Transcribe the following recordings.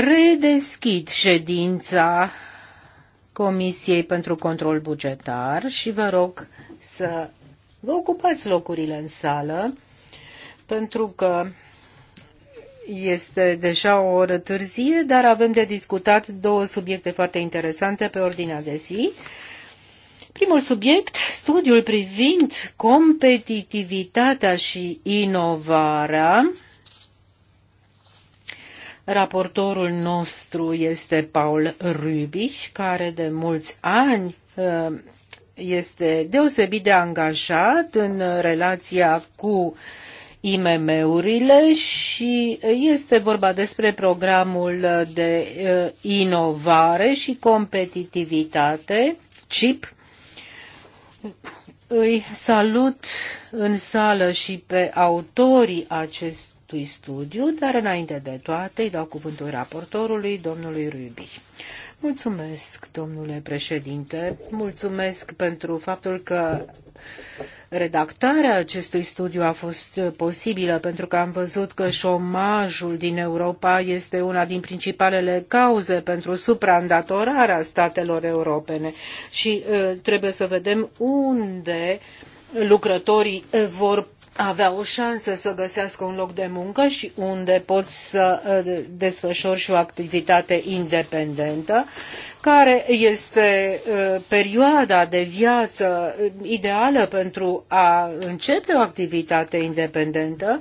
redeschid ședința Comisiei pentru Control Bugetar și vă rog să vă ocupați locurile în sală, pentru că este deja o oră târzie, dar avem de discutat două subiecte foarte interesante pe ordinea de zi. Primul subiect, studiul privind competitivitatea și inovarea Raportorul nostru este Paul Rübich, care de mulți ani uh, este deosebit de angajat în relația cu IMM-urile și este vorba despre programul de uh, inovare și competitivitate, CIP. Îi salut în sală și pe autorii acestui acestui studiu, dar înainte de toate îi dau cuvântul raportorului, domnului Rubi. Mulțumesc, domnule președinte, mulțumesc pentru faptul că redactarea acestui studiu a fost posibilă, pentru că am văzut că șomajul din Europa este una din principalele cauze pentru supraîndatorarea statelor europene și uh, trebuie să vedem unde lucrătorii uh, vor avea o șansă să găsească un loc de muncă și unde pot să uh, desfășor și o activitate independentă, care este uh, perioada de viață uh, ideală pentru a începe o activitate independentă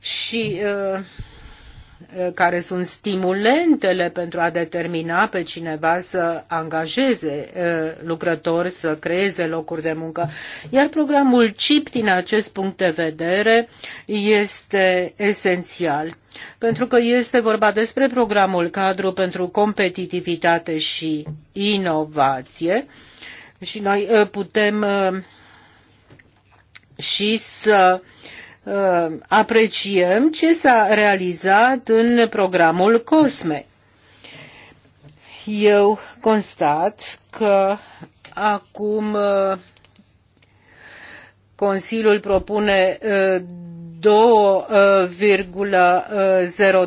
și Eh, care sunt stimulentele pentru a determina pe cineva să angajeze eh, lucrători, să creeze locuri de muncă. Iar programul CIP, din acest punct de vedere, este esențial. Pentru că este vorba despre programul cadru pentru competitivitate și inovație și noi eh, putem și să uh, Uh, apreciem ce s-a realizat în programul COSME. Eu constat că acum uh, Consiliul propune uh, 2,03 uh,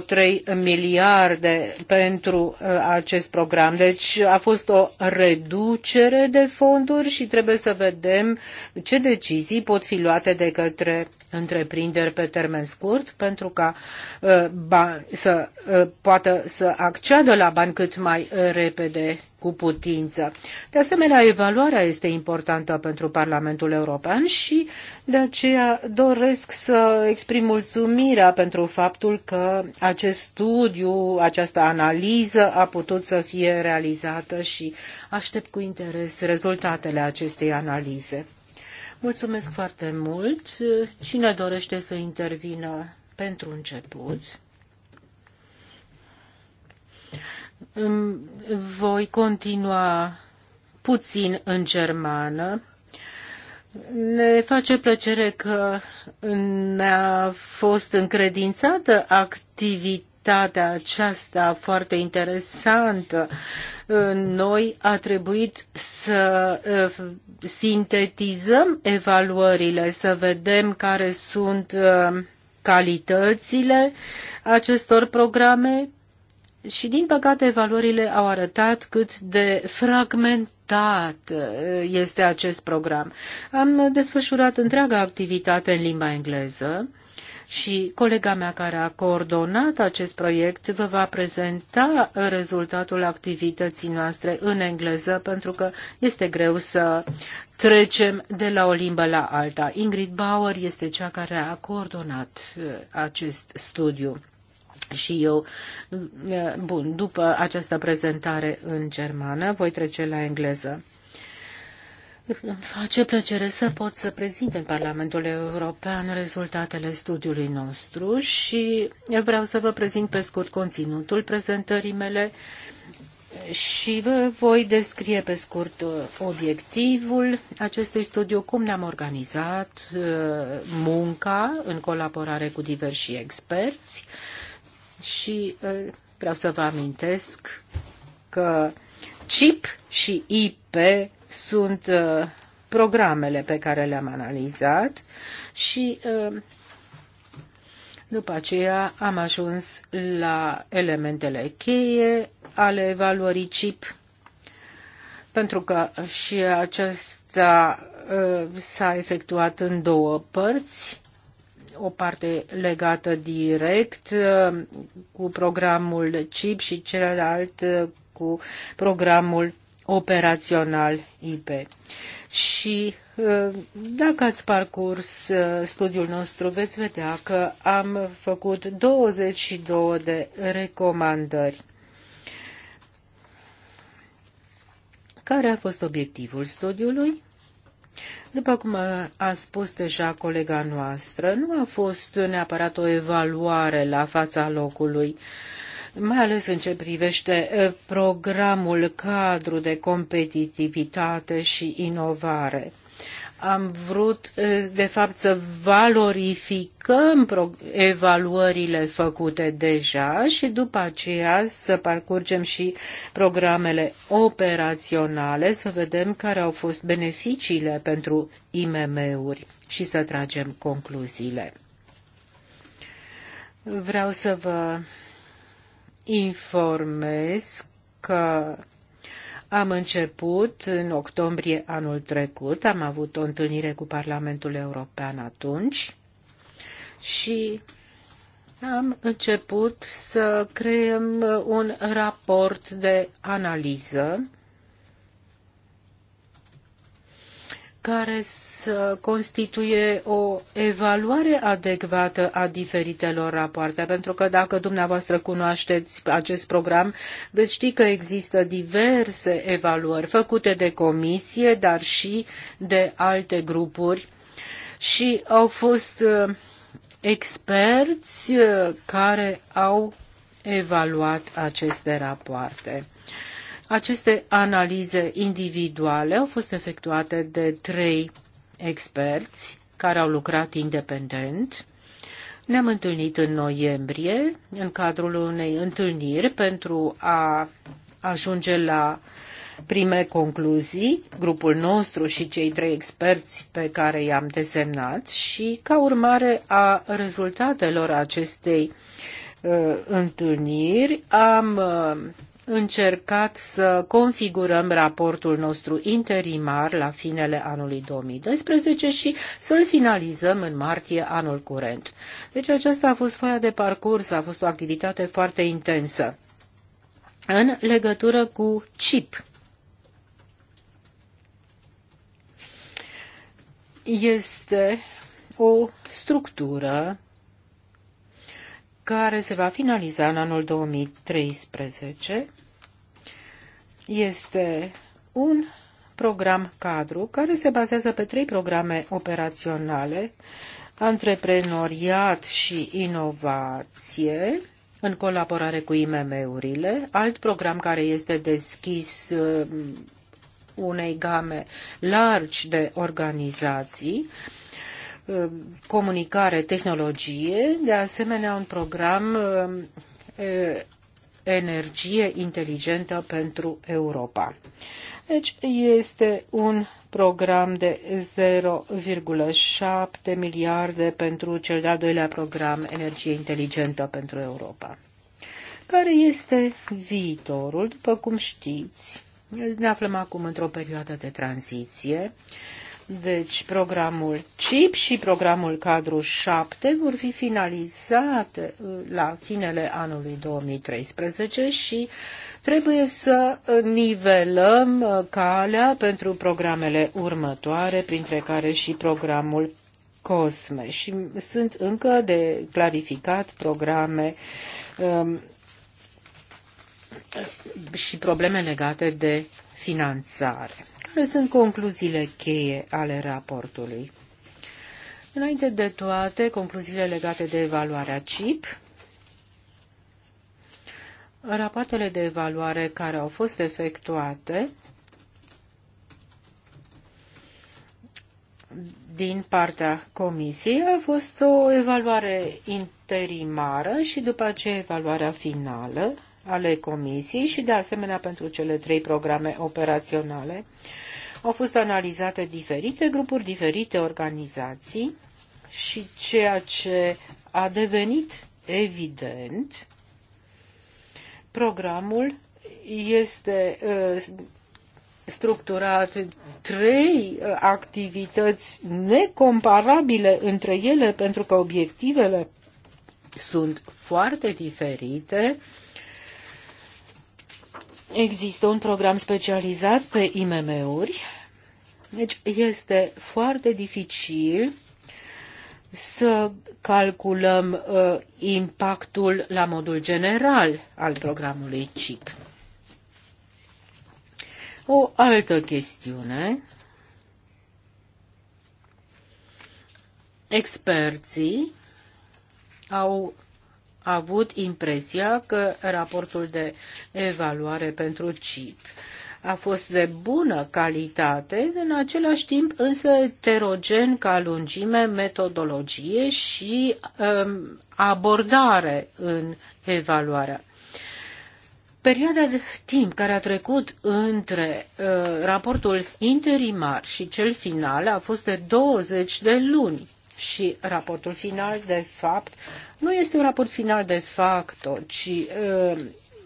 uh, miliarde pentru uh, acest program. Deci a fost o reducere de fonduri și trebuie să vedem ce decizii pot fi luate de către întreprinderi pe termen scurt pentru ca să poată să acceadă la bani cât mai repede cu putință. De asemenea, evaluarea este importantă pentru Parlamentul European și de aceea doresc să exprim mulțumirea pentru faptul că acest studiu, această analiză a putut să fie realizată și aștept cu interes rezultatele acestei analize. Mulțumesc foarte mult. Cine dorește să intervină pentru început? Voi continua puțin în germană. Ne face plăcere că ne-a fost încredințată activitatea aceasta foarte interesantă. Noi a trebuit să eh, sintetizăm evaluările, să vedem care sunt eh, calitățile acestor programe, și din păcate valorile au arătat cât de fragmentat uh, este acest program. Am desfășurat întreaga activitate în limba engleză și colega mea care a coordonat acest proiect vă va prezenta rezultatul activității noastre în engleză pentru că este greu să trecem de la o limbă la alta. Ingrid Bauer este cea care a coordonat uh, acest studiu și eu, mm, eh, bun, după această prezentare în germană, voi trece la engleză. Îmi face plăcere să pot să prezint în Parlamentul European rezultatele studiului nostru și vreau să vă prezint pe scurt conținutul prezentării mele și vă voi descrie pe scurt eh, obiectivul acestui studiu, cum ne-am organizat eh, munca în colaborare cu diversi experți și vreau să vă amintesc că CIP și IP sunt programele pe care le-am analizat și după aceea am ajuns la elementele cheie ale evaluării CIP, pentru că și acesta s-a efectuat în două părți o parte legată direct uh, cu programul CIP și celălalt uh, cu programul operațional IP. Și uh, dacă ați parcurs studiul nostru, veți vedea că am făcut 22 de recomandări. Care a fost obiectivul studiului? După cum a spus deja colega noastră, nu a fost neapărat o evaluare la fața locului, mai ales în ce privește programul cadru de competitivitate și inovare am vrut, de fapt, să valorificăm evaluările făcute deja și după aceea să parcurgem și programele operaționale, să vedem care au fost beneficiile pentru IMM-uri și să tragem concluziile. Vreau să vă informez că am început în octombrie anul trecut, am avut o întâlnire cu Parlamentul European atunci și am început să creăm un raport de analiză care să constituie o evaluare adecvată a diferitelor rapoarte, pentru că dacă dumneavoastră cunoașteți acest program, veți ști că există diverse evaluări făcute de comisie, dar și de alte grupuri și au fost uh, experți uh, care au evaluat aceste rapoarte. Aceste analize individuale au fost efectuate de trei experți care au lucrat independent. Ne-am întâlnit în noiembrie în cadrul unei întâlniri pentru a ajunge la prime concluzii, grupul nostru și cei trei experți pe care i-am desemnat și ca urmare a rezultatelor acestei uh, întâlniri am uh, încercat să configurăm raportul nostru interimar la finele anului 2012 și să-l finalizăm în martie anul curent. Deci aceasta a fost foaia de parcurs, a fost o activitate foarte intensă. În legătură cu CIP, este o structură care se va finaliza în anul 2013 este un program cadru care se bazează pe trei programe operaționale, antreprenoriat și inovație, în colaborare cu IMM-urile, alt program care este deschis um, unei game largi de organizații, um, comunicare, tehnologie, de asemenea un program um, energie inteligentă pentru Europa. Deci este un program de 0,7 miliarde pentru cel de-al doilea program Energie Inteligentă pentru Europa. Care este viitorul? După cum știți, ne aflăm acum într-o perioadă de tranziție deci programul CIP și programul cadru 7 vor fi finalizate uh, la finele anului 2013 și trebuie să nivelăm uh, calea pentru programele următoare, printre care și programul COSME. Și sunt încă de clarificat programe um, și probleme legate de finanțare. Care sunt concluziile cheie ale raportului? Înainte de toate, concluziile legate de evaluarea CIP, rapoartele de evaluare care au fost efectuate din partea comisiei a fost o evaluare interimară și după aceea evaluarea finală ale comisiei și de asemenea pentru cele trei programe operaționale au fost analizate diferite grupuri, diferite organizații și ceea ce a devenit evident, programul este uh, structurat trei uh, activități necomparabile între ele pentru că obiectivele sunt foarte diferite. Există un program specializat pe IMM-uri deci este foarte dificil să calculăm uh, impactul la modul general al programului CIP. O altă chestiune. Experții au avut impresia că raportul de evaluare pentru CIP uh, a fost de bună calitate, în același timp însă heterogen ca lungime, metodologie și um, abordare în evaluarea. Perioada de timp care a trecut între uh, raportul interimar și cel final a fost de 20 de luni și raportul final, de fapt, nu este un raport final de facto, ci uh,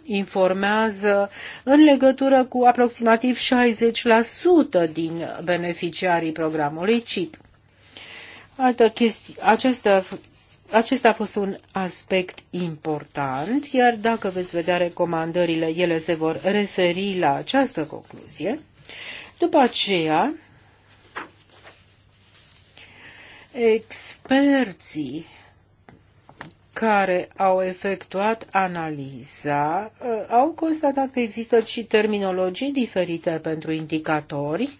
informează în legătură cu aproximativ 60% din beneficiarii programului CIP. Altă chestie, acesta acesta a fost un aspect important, iar dacă veți vedea recomandările, ele se vor referi la această concluzie. După aceea, experții care au efectuat analiza uh, au constatat că există și terminologii diferite pentru indicatori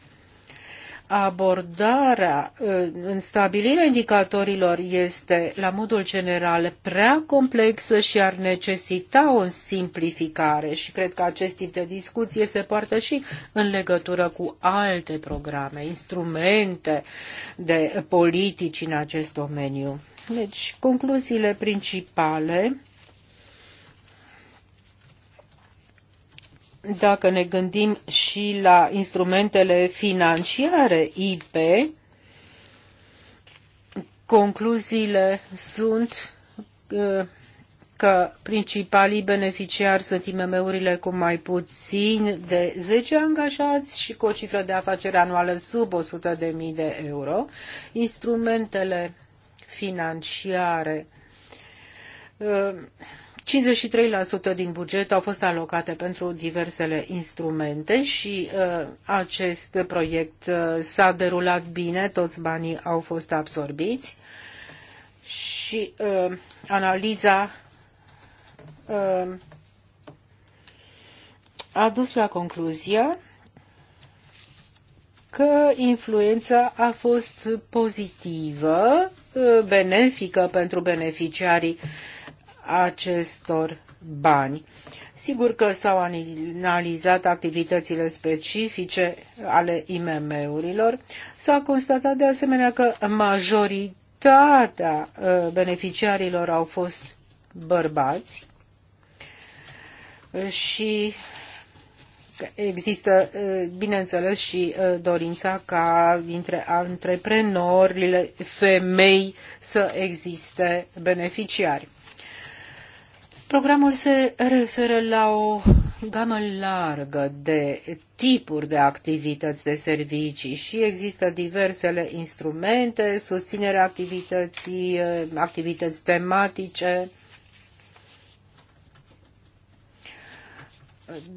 abordarea ă, în stabilirea indicatorilor este, la modul general, prea complexă și ar necesita o simplificare și cred că acest tip de discuție se poartă și în legătură cu alte programe, instrumente de politici în acest domeniu. Deci, concluziile principale dacă ne gândim și la instrumentele financiare IP, concluziile sunt uh, că principalii beneficiari sunt IMM-urile cu mai puțin de 10 angajați și cu o cifră de afaceri anuală sub 100.000 de euro. Instrumentele financiare uh, 53% din buget au fost alocate pentru diversele instrumente și uh, acest proiect uh, s-a derulat bine, toți banii au fost absorbiți și uh, analiza uh, a dus la concluzia că influența a fost pozitivă, uh, benefică pentru beneficiarii acestor bani. Sigur că s-au analizat activitățile specifice ale IMM-urilor. S-a constatat de asemenea că majoritatea uh, beneficiarilor au fost bărbați și Există, uh, bineînțeles, și uh, dorința ca dintre antreprenorile femei să existe beneficiari. Programul se referă la o gamă largă de tipuri de activități de servicii și există diversele instrumente, susținerea activității, activități tematice,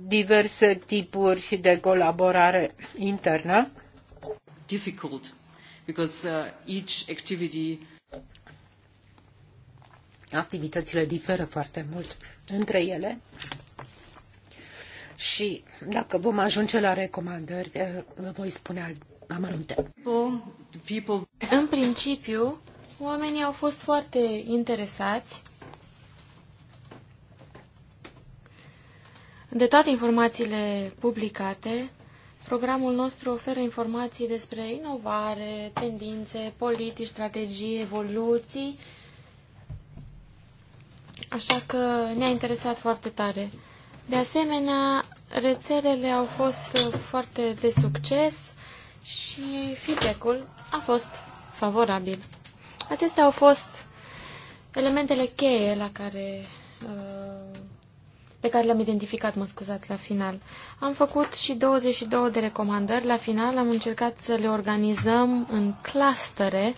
diverse tipuri de colaborare internă. Difficult because uh, each activity activitățile diferă foarte mult între ele și dacă vom ajunge la recomandări, eh, vă voi spune amănunte. În principiu, oamenii au fost foarte interesați de toate informațiile publicate Programul nostru oferă informații despre inovare, tendințe, politici, strategii, evoluții așa că ne-a interesat foarte tare. De asemenea, rețelele au fost foarte de succes și feedback-ul a fost favorabil. Acestea au fost elementele cheie la care, uh, pe care le-am identificat, mă scuzați, la final. Am făcut și 22 de recomandări. La final am încercat să le organizăm în clustere,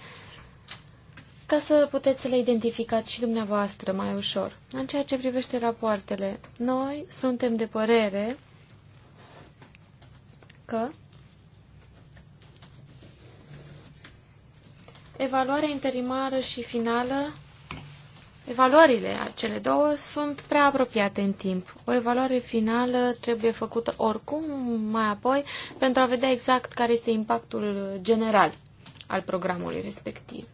ca să puteți să le identificați și dumneavoastră mai ușor. În ceea ce privește rapoartele, noi suntem de părere că evaluarea interimară și finală, evaluările, cele două, sunt prea apropiate în timp. O evaluare finală trebuie făcută oricum mai apoi pentru a vedea exact care este impactul general al programului respectiv.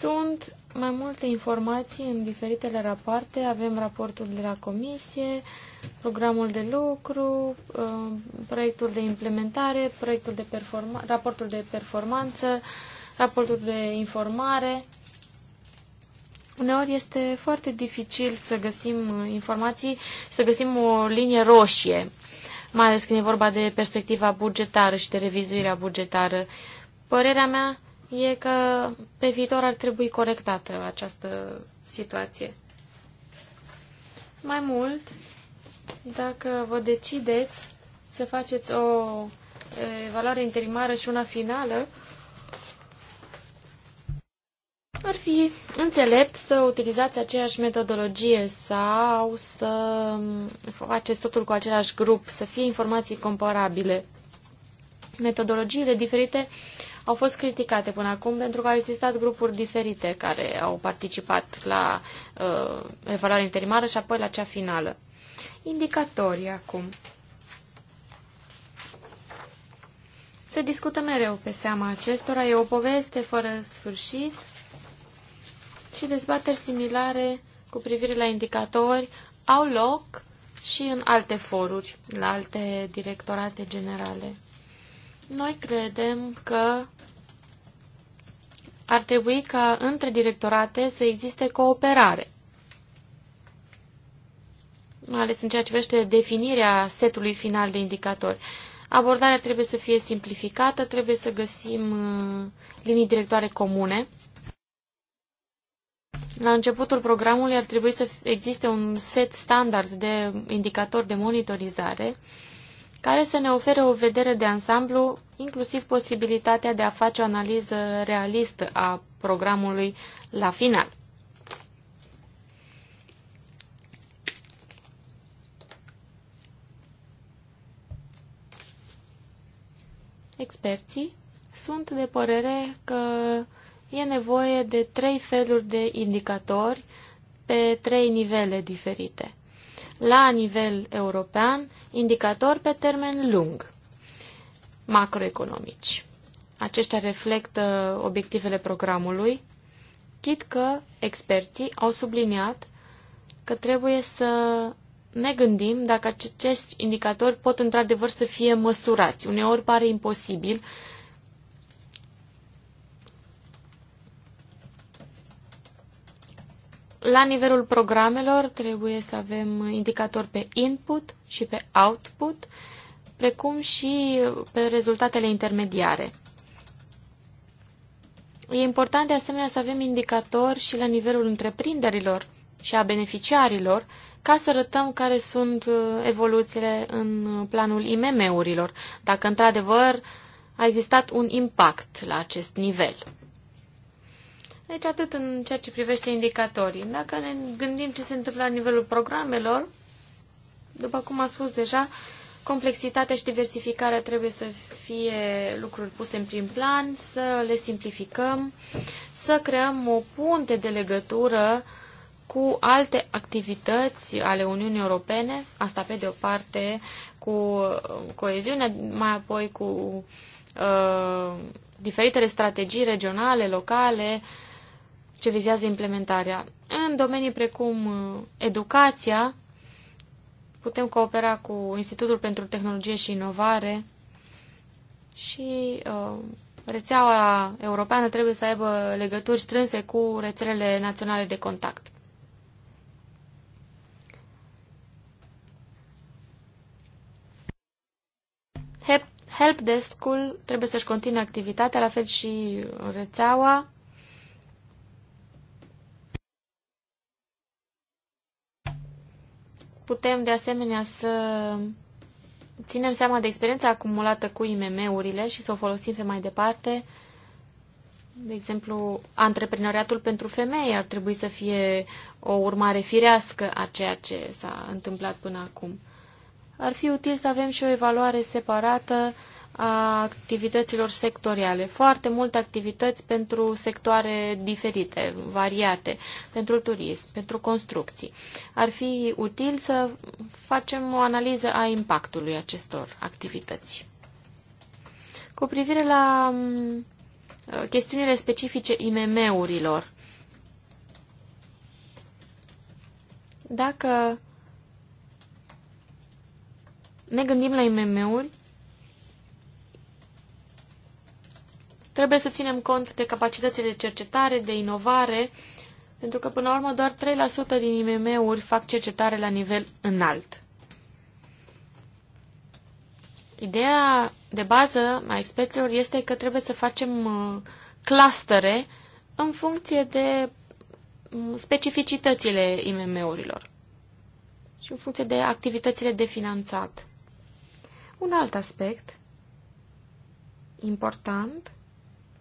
Sunt mai multe informații în diferitele rapoarte. Avem raportul de la comisie, programul de lucru, uh, proiectul de implementare, proiectul de performa- raportul de performanță, raportul de informare. Uneori este foarte dificil să găsim informații, să găsim o linie roșie, mai ales când e vorba de perspectiva bugetară și de revizuirea bugetară. Părerea mea e că pe viitor ar trebui corectată această situație. Mai mult, dacă vă decideți să faceți o evaluare interimară și una finală, ar fi înțelept să utilizați aceeași metodologie sau să faceți totul cu același grup, să fie informații comparabile. Metodologiile diferite au fost criticate până acum pentru că au existat grupuri diferite care au participat la uh, evaluarea interimară și apoi la cea finală. Indicatorii acum. Se discută mereu pe seama acestora, e o poveste fără sfârșit și dezbateri similare cu privire la indicatori au loc și în alte foruri, la alte directorate generale. Noi credem că ar trebui ca între directorate să existe cooperare, mai ales în ceea ce vește definirea setului final de indicatori. Abordarea trebuie să fie simplificată, trebuie să găsim uh, linii directoare comune. La începutul programului ar trebui să existe un set standard de indicatori de monitorizare care să ne ofere o vedere de ansamblu, inclusiv posibilitatea de a face o analiză realistă a programului la final. Experții sunt de părere că e nevoie de trei feluri de indicatori pe trei nivele diferite la nivel european indicatori pe termen lung macroeconomici. Aceștia reflectă obiectivele programului, chit că experții au subliniat că trebuie să ne gândim dacă acești indicatori pot într-adevăr să fie măsurați. Uneori pare imposibil, La nivelul programelor trebuie să avem indicatori pe input și pe output, precum și pe rezultatele intermediare. E important de asemenea să avem indicatori și la nivelul întreprinderilor și a beneficiarilor, ca să arătăm care sunt uh, evoluțiile în planul IMM-urilor, dacă într-adevăr a existat un impact la acest nivel. Deci atât în ceea ce privește indicatorii. Dacă ne gândim ce se întâmplă la nivelul programelor, după cum am spus deja, complexitatea și diversificarea trebuie să fie lucruri puse în prim plan, să le simplificăm, să creăm o punte de legătură cu alte activități ale Uniunii Europene, asta pe de o parte cu um, coeziunea, mai apoi cu uh, diferitele strategii regionale, locale, uh, ce vizează implementarea. În domenii precum uh, educația, putem coopera cu Institutul pentru Tehnologie și Inovare și uh, rețeaua europeană trebuie să aibă legături strânse cu rețelele naționale de contact. Helpdesk-ul trebuie să-și continue activitatea, la fel și rețeaua Putem, de asemenea, să ținem seama de experiența acumulată cu IMM-urile și să o folosim pe mai departe. De exemplu, antreprenoriatul pentru femei ar trebui să fie o urmare firească a ceea ce s-a întâmplat până acum. Ar fi util să avem și o evaluare separată uh, a activităților sectoriale. Foarte multe activități pentru sectoare diferite, variate, pentru turism, pentru construcții. Ar fi util să facem o analiză a impactului acestor activități. Cu privire la mm, chestiunile specifice IMM-urilor, dacă ne gândim la IMM-uri, Trebuie să ținem cont de capacitățile de cercetare, de inovare, pentru că, până la urmă, doar 3% din IMM-uri fac cercetare la nivel înalt. Ideea de bază a experților este că trebuie să facem uh, clustere în funcție de mm, specificitățile IMM-urilor și în funcție de activitățile de finanțat. Un alt aspect important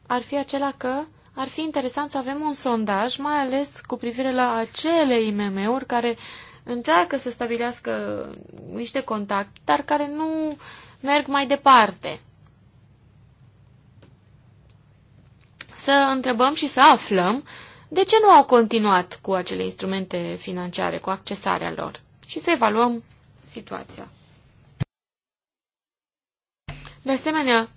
ar fi acela că ar fi interesant să avem un sondaj, mai ales cu privire la acele IMM-uri care încearcă să stabilească niște contacte, dar care nu merg mai departe. Să întrebăm și să aflăm de ce nu au continuat cu acele instrumente financiare, cu accesarea lor și să evaluăm situația. De asemenea,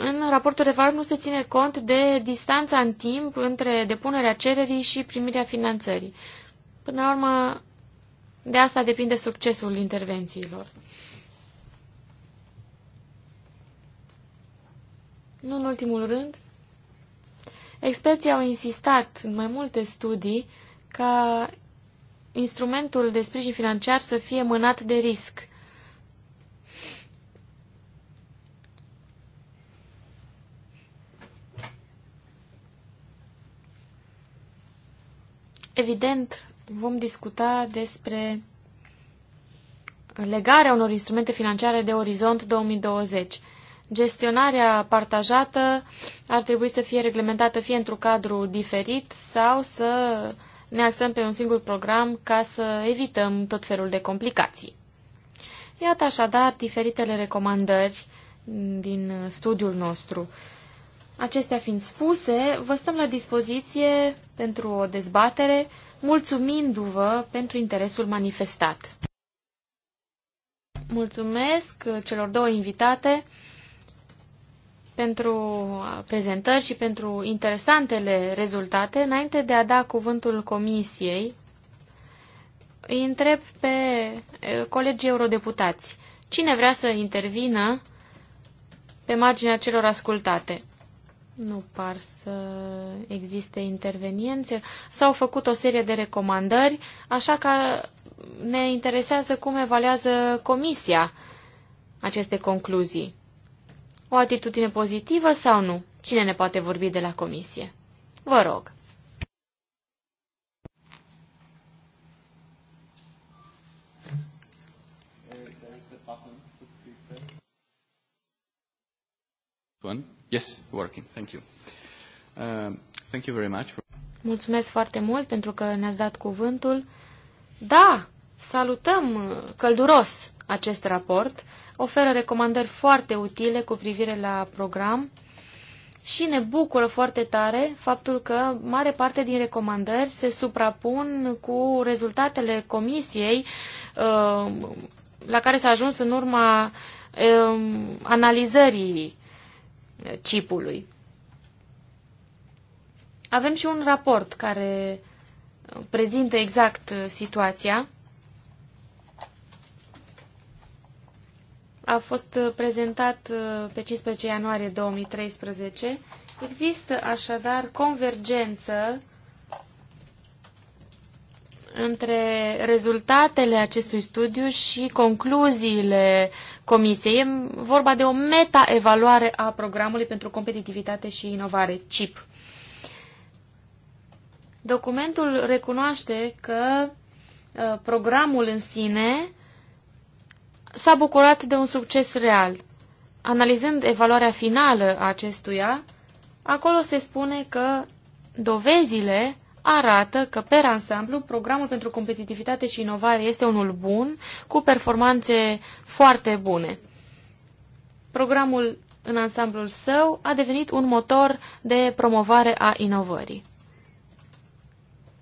în raportul de vară nu se ține cont de distanța în timp între depunerea cererii și primirea finanțării. Până la urmă, de asta depinde succesul intervențiilor. Nu în ultimul rând, experții au insistat în mai multe studii ca instrumentul de sprijin financiar să fie mânat de risc. Evident, vom discuta despre legarea unor instrumente financiare de Orizont 2020. Gestionarea partajată ar trebui să fie reglementată fie într-un cadru diferit sau să ne axăm pe un singur program ca să evităm tot felul de complicații. Iată așadar diferitele recomandări din studiul nostru. Acestea fiind spuse, vă stăm la dispoziție pentru o dezbatere, mulțumindu-vă pentru interesul manifestat. Mulțumesc celor două invitate pentru prezentări și pentru interesantele rezultate. Înainte de a da cuvântul comisiei, îi întreb pe eh, colegii eurodeputați. Cine vrea să intervină pe marginea celor ascultate? Nu par să existe interveniențe. S-au făcut o serie de recomandări, așa că ne interesează cum evaluează Comisia aceste concluzii. O atitudine pozitivă sau nu? Cine ne poate vorbi de la Comisie? Vă rog. Bun. Yes, working. Thank you. Uh, thank you very much. For... Mulțumesc foarte mult pentru că ne-ați dat cuvântul. Da, salutăm uh, călduros acest raport. Oferă recomandări foarte utile cu privire la program și ne bucură foarte tare faptul că mare parte din recomandări se suprapun cu rezultatele comisiei uh, la care s-a ajuns în urma um, analizării cipului Avem și un raport care prezintă exact uh, situația. A fost uh, prezentat uh, pe 15 ianuarie 2013. Există așadar convergență între rezultatele acestui studiu și concluziile comisiei. E vorba de o meta-evaluare a programului pentru competitivitate și inovare, CIP. Documentul recunoaște că uh, programul în sine s-a bucurat de un succes real. Analizând evaluarea finală a acestuia, acolo se spune că dovezile arată că, per ansamblu, programul pentru competitivitate și inovare este unul bun, cu performanțe foarte bune. Programul în ansamblul său a devenit un motor de promovare a inovării.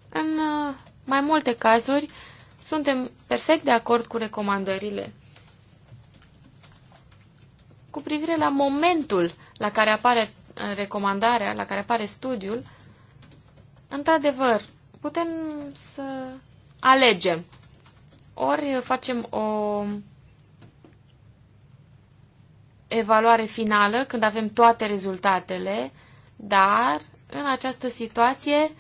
În uh, mai multe cazuri, suntem perfect de acord cu recomandările. Cu privire la momentul la care apare uh, recomandarea, la care apare studiul, Într-adevăr, putem să alegem. Ori facem o evaluare finală când avem toate rezultatele, dar în această situație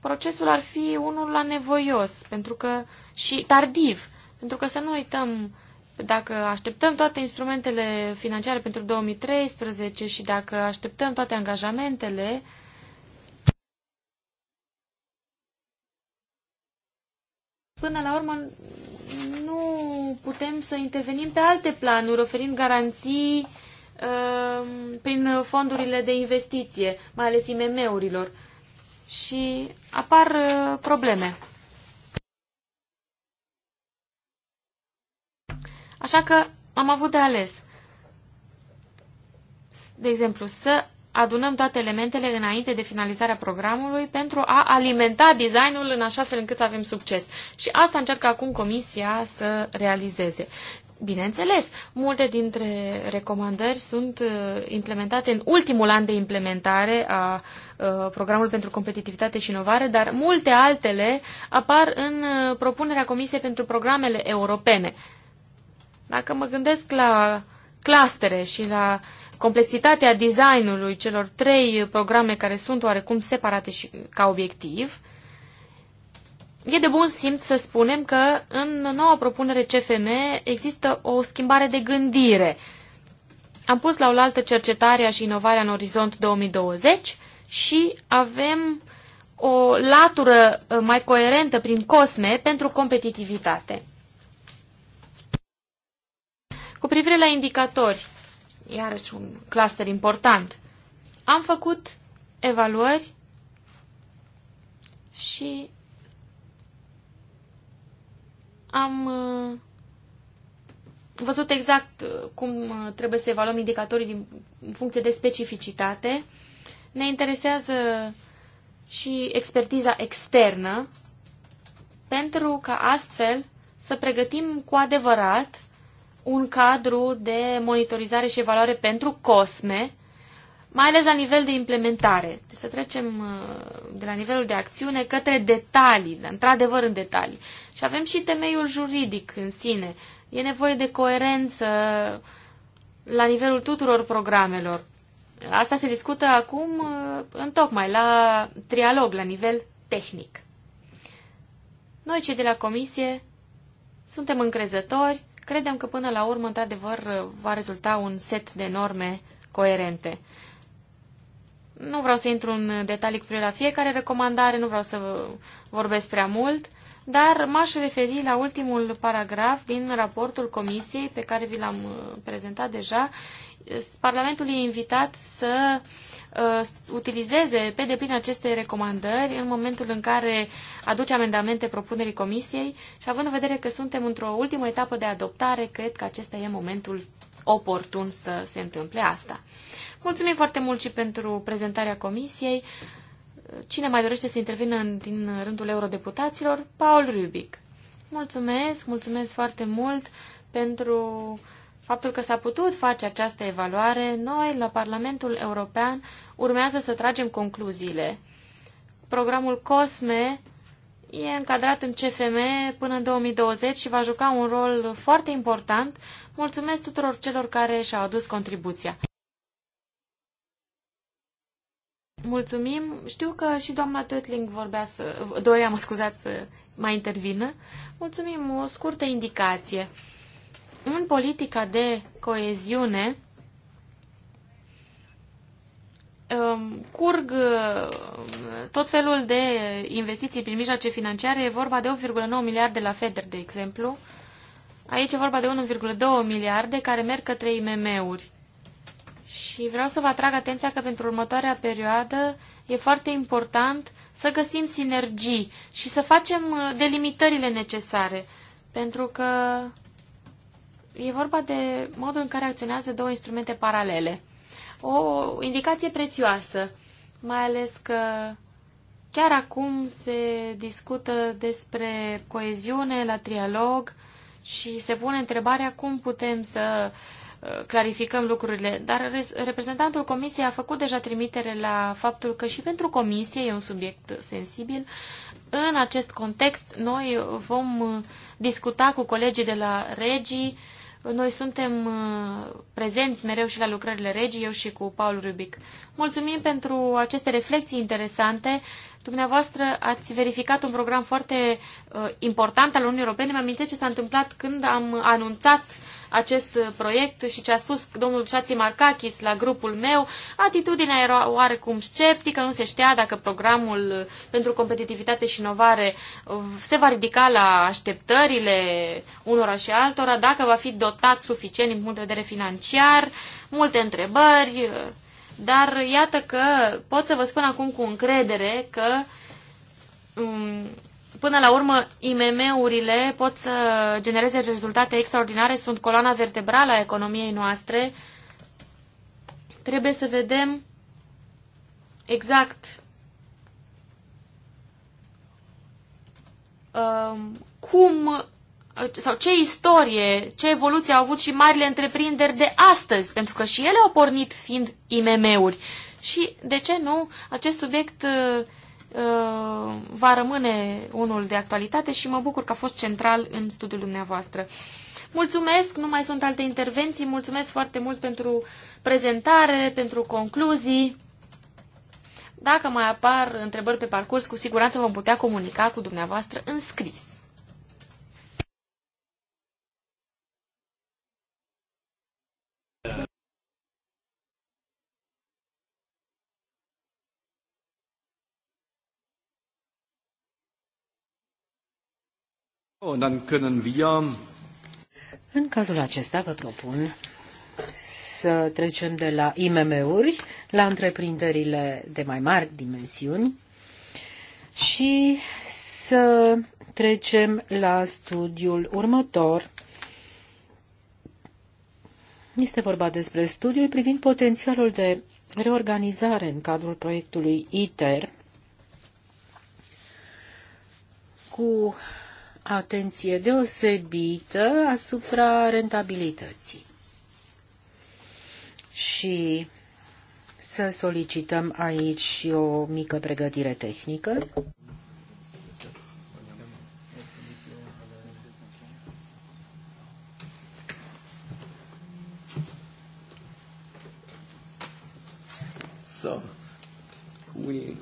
procesul ar fi unul la nevoios pentru că, și tardiv, pentru că să nu uităm dacă așteptăm toate instrumentele financiare pentru 2013 și dacă așteptăm toate angajamentele, până la urmă nu putem să intervenim pe alte planuri, oferind garanții um, prin fondurile de investiție, mai ales IMM-urilor. Și apar uh, probleme. Așa că am avut de ales. De exemplu, să adunăm toate elementele înainte de finalizarea programului pentru a alimenta designul în așa fel încât să avem succes. Și asta încearcă acum comisia să realizeze. Bineînțeles, multe dintre recomandări sunt uh, implementate în ultimul an de implementare a uh, programului pentru competitivitate și inovare, dar multe altele apar în uh, propunerea Comisiei pentru programele europene. Dacă mă gândesc la clustere și la complexitatea designului celor trei programe care sunt oarecum separate și ca obiectiv, e de bun simț să spunem că în noua propunere CFM există o schimbare de gândire. Am pus la oaltă cercetarea și inovarea în orizont 2020 și avem o latură uh, mai coerentă prin COSME pentru competitivitate. Cu privire la indicatori, iarăși un cluster important. Am făcut evaluări și am uh, văzut exact uh, cum uh, trebuie să evaluăm indicatorii din, în funcție de specificitate. Ne interesează și expertiza externă pentru ca astfel să pregătim cu adevărat un cadru de monitorizare și evaluare pentru COSME, mai ales la nivel de implementare. Deci să trecem uh, de la nivelul de acțiune către detalii, într-adevăr în detalii. Și avem și temeiul juridic în sine. E nevoie de coerență la nivelul tuturor programelor. Asta se discută acum uh, în tocmai la trialog, la nivel tehnic. Noi cei de la comisie suntem încrezători Credem că până la urmă, într-adevăr, va rezulta un set de norme coerente. Nu vreau să intru în detalii cu privire la fiecare recomandare, nu vreau să vorbesc prea mult dar m-aș referi la ultimul paragraf din raportul comisiei pe care vi l-am uh, prezentat deja. Parlamentul e invitat să uh, utilizeze pe deplin aceste recomandări în momentul în care aduce amendamente propunerii comisiei și având în vedere că suntem într-o ultimă etapă de adoptare, cred că acesta e momentul oportun să se întâmple asta. Mulțumim foarte mult și pentru prezentarea comisiei. Cine mai dorește să intervină din rândul eurodeputaților? Paul Rubic. Mulțumesc, mulțumesc foarte mult pentru faptul că s-a putut face această evaluare. Noi, la Parlamentul European, urmează să tragem concluziile. Programul COSME e încadrat în CFM până în 2020 și va juca un rol foarte important. Mulțumesc tuturor celor care și-au adus contribuția. Mulțumim. Știu că și doamna Tötling vorbea să, dorea, mă scuzați, să mai intervină. Mulțumim. O scurtă indicație. În politica de coeziune um, curg um, tot felul de investiții prin mijloace financiare. E vorba de 8,9 miliarde la FEDER, de exemplu. Aici e vorba de 1,2 miliarde care merg către IMM-uri. Și vreau să vă atrag atenția că pentru următoarea perioadă e foarte important să găsim sinergii și să facem uh, delimitările necesare. Pentru că e vorba de modul în care acționează două instrumente paralele. O indicație prețioasă, mai ales că chiar acum se discută despre coeziune la trialog și se pune întrebarea cum putem să uh, clarificăm lucrurile, dar reprezentantul Comisiei a făcut deja trimitere la faptul că și pentru Comisie e un subiect sensibil. În acest context, noi vom uh, discuta cu colegii de la Regii. Noi suntem uh, prezenți mereu și la lucrările Regii, eu și cu Paul Rubic. Mulțumim pentru aceste reflexii interesante. Dumneavoastră ați verificat un program foarte uh, important al Uniunii Europene. Mi-am ce s-a întâmplat când am anunțat uh, acest proiect și ce a spus domnul Șații Marcachis la grupul meu, atitudinea era oarecum sceptică, nu se știa dacă programul pentru competitivitate și inovare se va ridica la așteptările unora și altora, dacă va fi dotat suficient din punct de vedere financiar, multe întrebări, dar iată că pot să vă spun acum cu încredere că mm, Până la urmă, IMM-urile pot să genereze rezultate extraordinare, sunt coloana vertebrală a economiei noastre. Trebuie să vedem exact um, cum sau ce istorie, ce evoluție au avut și marile întreprinderi de astăzi, pentru că și ele au pornit fiind IMM-uri. Și, de ce nu, acest subiect uh, Uh, va rămâne unul de actualitate și mă bucur că a fost central în studiul dumneavoastră. Mulțumesc, nu mai sunt alte intervenții, mulțumesc foarte mult pentru prezentare, pentru concluzii. Dacă mai apar întrebări pe parcurs, cu siguranță vom putea comunica cu dumneavoastră în scris. Oh, ähm, în cazul acesta vă propun să trecem de la IMM-uri la întreprinderile de mai mari dimensiuni și să trecem la studiul următor. Este vorba despre studiul privind potențialul de reorganizare în cadrul proiectului ITER cu atenție deosebită asupra rentabilității. Și să solicităm aici și o mică pregătire tehnică. So, we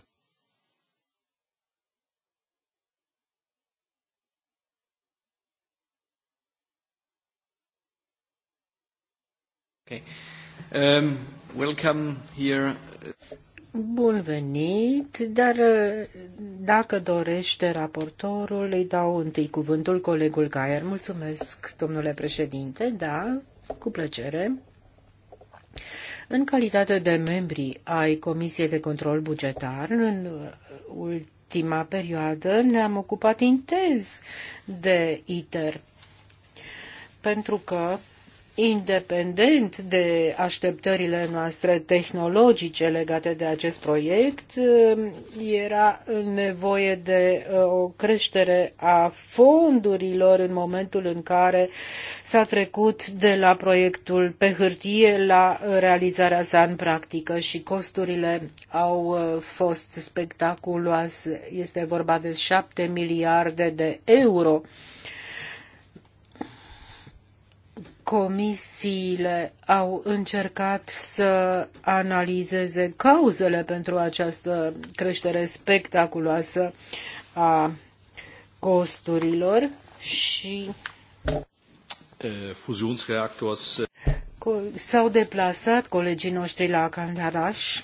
Okay. Um, welcome here. Bun venit, dar uh, dacă dorește raportorul, îi dau întâi cuvântul colegul Gaier. Mulțumesc, domnule președinte, da, cu plăcere. În calitate de membri ai Comisiei de Control Bugetar, în ultima perioadă ne-am ocupat intens de ITER, pentru că independent de așteptările noastre tehnologice legate de acest proiect, um, era nevoie de uh, o creștere a fondurilor în momentul în care s-a trecut de la proiectul pe hârtie la realizarea sa în practică și costurile au uh, fost spectaculoase. Este vorba de 7 miliarde de euro. comisiile au încercat să analizeze cauzele pentru această creștere spectaculoasă a costurilor și eh, eh, S-au deplasat colegii noștri la Candaraș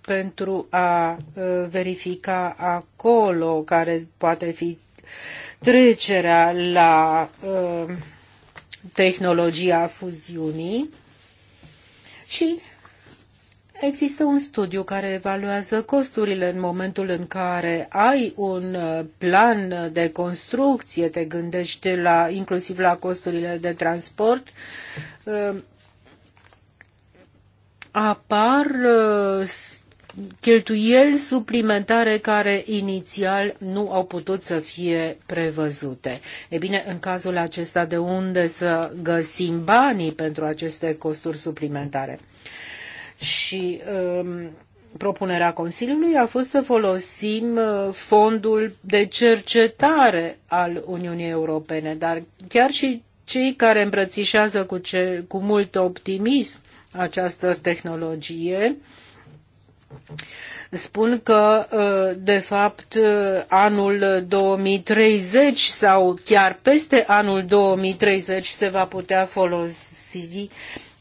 pentru a eh, verifica acolo care poate fi trecerea la uh, tehnologia fuziunii și Există un studiu care evaluează costurile în momentul în care ai un uh, plan de construcție, te gândești la, inclusiv la costurile de transport. Uh, apar cheltuieli suplimentare care inițial nu au putut să fie prevăzute. E bine, în cazul acesta de unde să găsim banii pentru aceste costuri suplimentare? Și um, propunerea Consiliului a fost să folosim uh, fondul de cercetare al Uniunii Europene, dar chiar și cei care îmbrățișează cu, ce, cu mult optimism această tehnologie spun că, ă, de fapt, ă, anul 2030 sau chiar peste anul 2030 se va putea folosi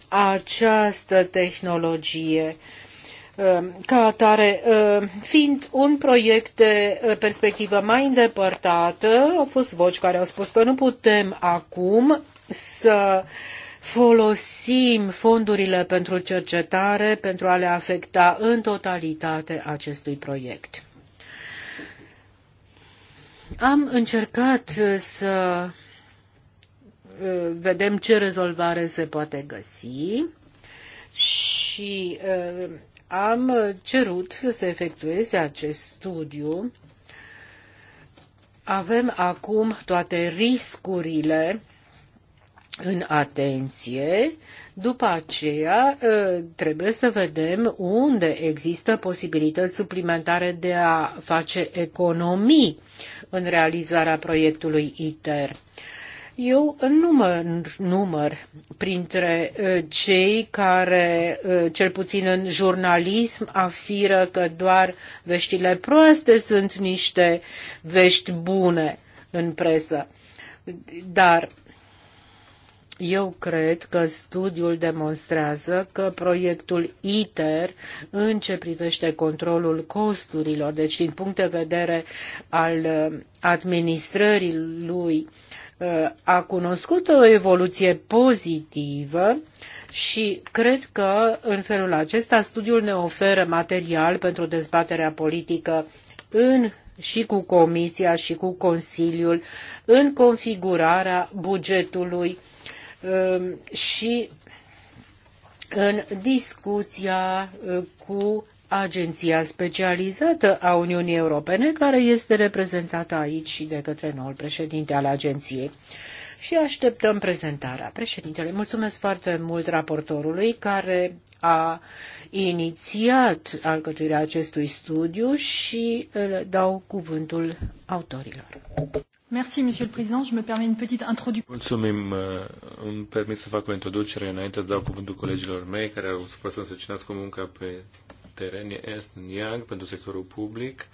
această tehnologie ă, ca atare, fiind un proiect de perspectivă mai îndepărtată, au fost voci care au spus că nu putem acum să uh, folosim fondurile pentru cercetare pentru a le afecta în totalitate acestui proiect. Am încercat să uh, vedem ce rezolvare se poate găsi și uh, am cerut să se efectueze acest studiu. Avem acum toate riscurile în atenție. După aceea, ă, trebuie să vedem unde există posibilități suplimentare de a face economii în realizarea proiectului ITER. Eu număr, număr printre ă, cei care, ă, cel puțin în jurnalism, afiră că doar veștile proaste sunt niște vești bune în presă. Dar eu cred că studiul demonstrează că proiectul ITER, în ce privește controlul costurilor, deci din punct de vedere al uh, administrării lui, uh, a cunoscut o evoluție pozitivă și cred că în felul acesta studiul ne oferă material pentru dezbaterea politică în și cu Comisia și cu Consiliul în configurarea bugetului Um, și în discuția uh, cu agenția specializată a Uniunii Europene, care este reprezentată aici și de către noul președinte al agenției. Și așteptăm prezentarea. Președintele, mulțumesc foarte mult raportorului care a inițiat alcătuirea acestui studiu și dau cuvântul autorilor. Merci, Monsieur le Président. Je me permets une petite Mulțumim. Uh, îmi permit să fac o introducere înainte să dau cuvântul colegilor mei care au fost însăcinați cu munca pe teren. Ernst Young pentru sectorul public,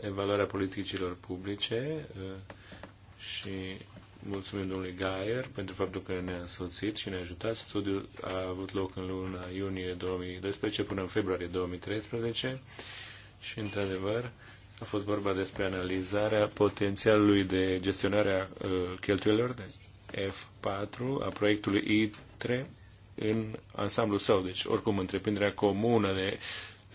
evaluarea politicilor publice uh, și mulțumim domnului Gaier pentru faptul că ne-a însoțit și ne-a ajutat. Studiul a avut loc în luna iunie 2012 până în februarie 2013 și, într-adevăr, a fost vorba despre analizarea potențialului de gestionare a uh, cheltuielor de F4 a proiectului I3 în ansamblu său. Deci, oricum, întreprinderea comună de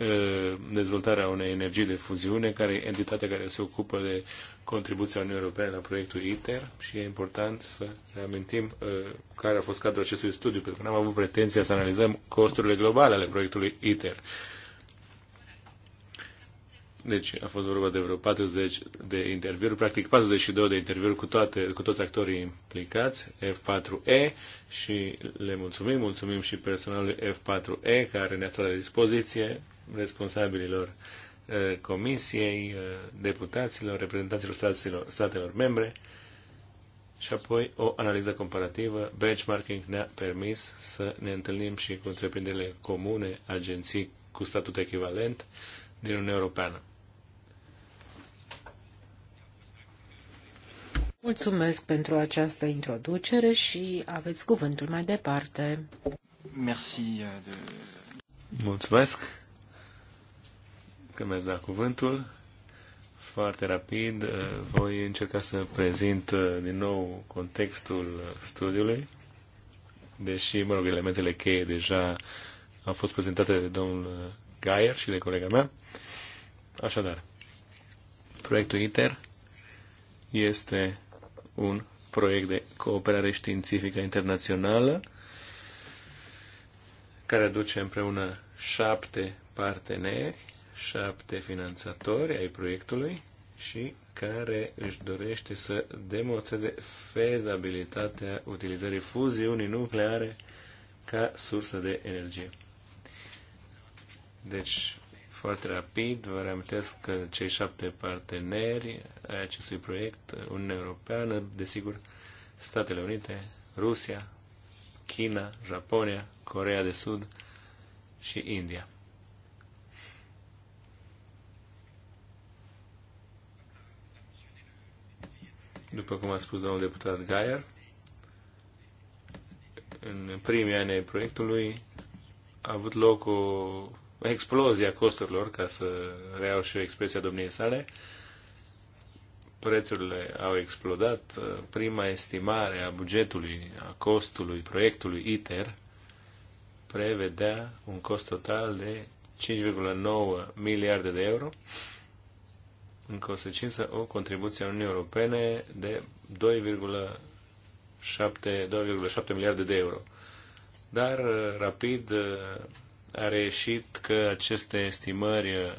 uh, dezvoltarea unei energii de fuziune, care e entitatea care se ocupă de contribuția Uniunii Europene la proiectul ITER și e important să reamintim uh, care a fost cadrul acestui studiu, pentru că n-am avut pretenția să analizăm costurile globale ale proiectului ITER. Deci a fost vorba de vreo 40 de interviuri, practic 42 de interviuri cu, toate, cu toți actorii implicați, F4E, și le mulțumim, mulțumim și personalului F4E care ne-a stat la dispoziție, responsabililor eh, comisiei, eh, deputaților, reprezentanților statelor, statelor membre și apoi o analiză comparativă. Benchmarking ne-a permis să ne întâlnim și cu întreprinderile comune, agenții cu statut echivalent din Uniunea Europeană. Mulțumesc pentru această introducere și aveți cuvântul mai departe. Merci uh, de... Mulțumesc că mi-ați dat cuvântul. Foarte rapid uh, voi încerca să prezint uh, din nou contextul studiului, deși, mă rog, elementele cheie deja au fost prezentate de domnul Gaier și de colega mea. Așadar, proiectul ITER este un proiect de cooperare științifică internațională care aduce împreună șapte parteneri, șapte finanțatori ai proiectului și care își dorește să demonstreze fezabilitatea utilizării fuziunii nucleare ca sursă de energie. Deci, foarte rapid. Vă reamintesc că cei șapte parteneri ai acestui proiect, Uniunea Europeană, desigur, Statele Unite, Rusia, China, Japonia, Corea de Sud și India. După cum a spus domnul deputat Gaier, în primii ani ai proiectului a avut loc o explozia costurilor, ca să reiau și expresia domniei sale, prețurile au explodat. Prima estimare a bugetului, a costului proiectului ITER prevedea un cost total de 5,9 miliarde de euro, în consecință o contribuție a Uniunii Europene de 2,7 miliarde de euro. Dar rapid a reieșit că aceste estimări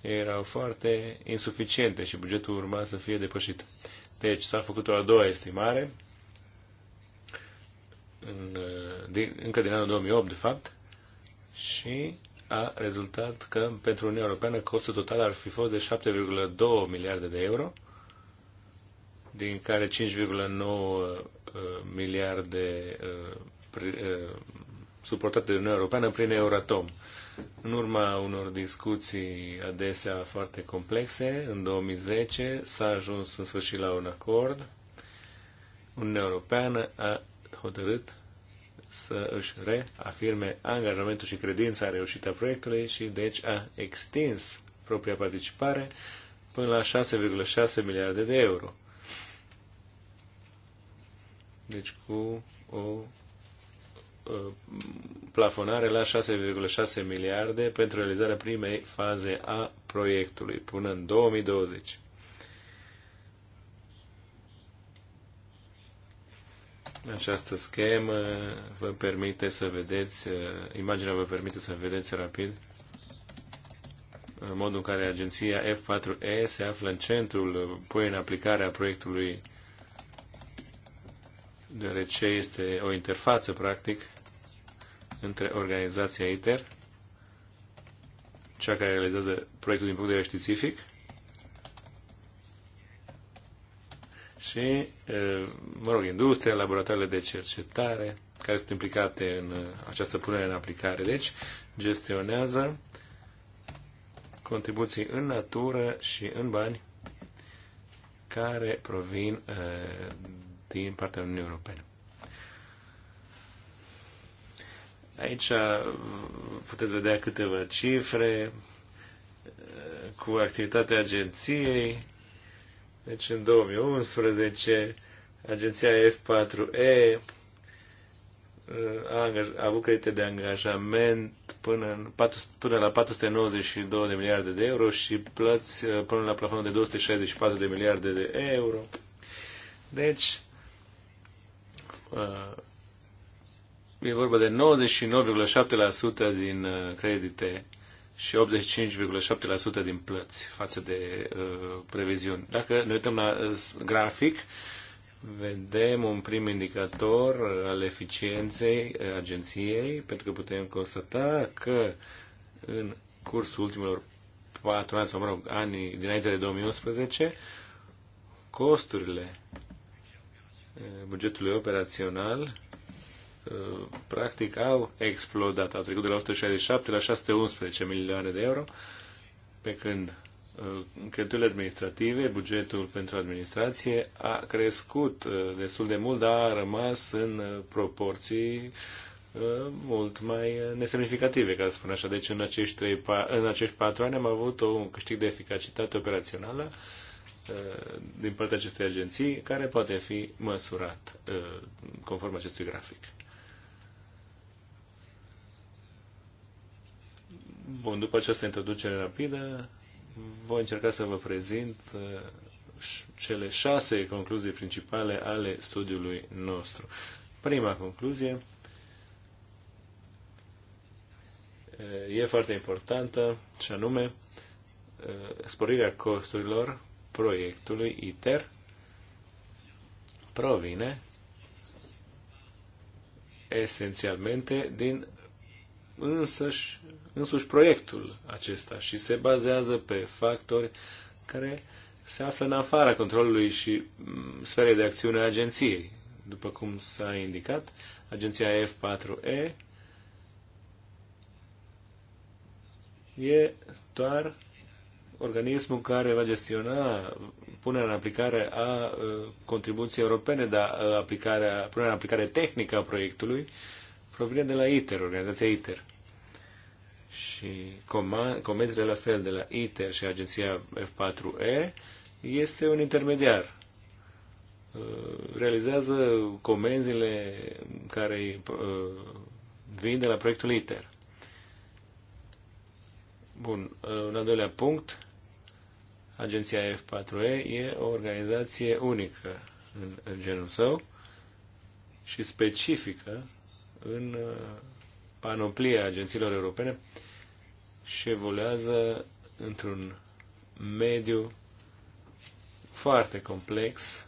erau foarte insuficiente și bugetul urma să fie depășit. Deci s-a făcut o a doua estimare, în, din, încă din anul 2008, de fapt, și a rezultat că pentru Uniunea Europeană costul total ar fi fost de 7,2 miliarde de euro, din care 5,9 uh, miliarde uh, uh, suportate de Uniunea Europeană prin Euratom. În urma unor discuții adesea foarte complexe, în 2010 s-a ajuns în sfârșit la un acord. Uniunea Europeană a hotărât să își reafirme angajamentul și credința reușită a proiectului și deci a extins propria participare până la 6,6 miliarde de euro. Deci cu o Uh, plafonare la 6,6 miliarde pentru realizarea primei faze a proiectului până în 2020. Această schemă vă permite să vedeți, uh, imaginea vă permite să vedeți rapid modul în care agenția F4E se află în centrul uh, pune în aplicare a proiectului, deoarece este o interfață, practic, între organizația ITER, cea care realizează proiectul din punct de vedere științific, și, mă rog, industria, laboratoarele de cercetare, care sunt implicate în această punere în aplicare. Deci, gestionează contribuții în natură și în bani care provin din partea Uniunii Europene. Aici uh, puteți vedea câteva cifre uh, cu activitatea agenției. Deci în 2011 agenția F4E uh, a, a avut credite de angajament până, în 4, până la 492 de miliarde de euro și plăți până la plafonul de 264 de miliarde de euro. Deci, E vorba de 99,7% din uh, credite și 85,7% din plăți față de uh, previziuni. Dacă ne uităm la uh, grafic, vedem un prim indicator al eficienței uh, agenției, pentru că putem constata că în cursul ultimelor patru ani, sau mă rog, anii dinainte de 2011, costurile uh, bugetului operațional Uh, practic au explodat, au trecut de la 167 la 611 milioane de euro, pe când uh, cheltuielile administrative, bugetul pentru administrație a crescut uh, destul de mult, dar a rămas în proporții mult mai nesemnificative, ca să spun așa. Deci în acești, trei, în acești patru ani am avut un câștig de eficacitate operațională din partea acestei agenții, care poate fi măsurat conform acestui grafic. Bun, după această introducere rapidă, voi încerca să vă prezint uh, cele șase concluzii principale ale studiului nostru. Prima concluzie uh, e foarte importantă, și anume uh, sporirea costurilor proiectului ITER provine esențialmente din însăși, însuși proiectul acesta și se bazează pe factori care se află în afara controlului și mm, sferei de acțiune a agenției. După cum s-a indicat, agenția F4E e doar organismul care va gestiona punerea în aplicare a uh, contribuției europene, dar uh, aplicarea, punerea în aplicare tehnică a proiectului provine de la ITER, organizația ITER. Și comenzile la fel de la ITER și agenția F4E este un intermediar. Uh, realizează comenzile care uh, vin de la proiectul ITER. Bun, uh, un al doilea punct. Agenția F4E e o organizație unică în, în genul său și specifică în uh, panoplia agențiilor europene și evoluează într-un mediu foarte complex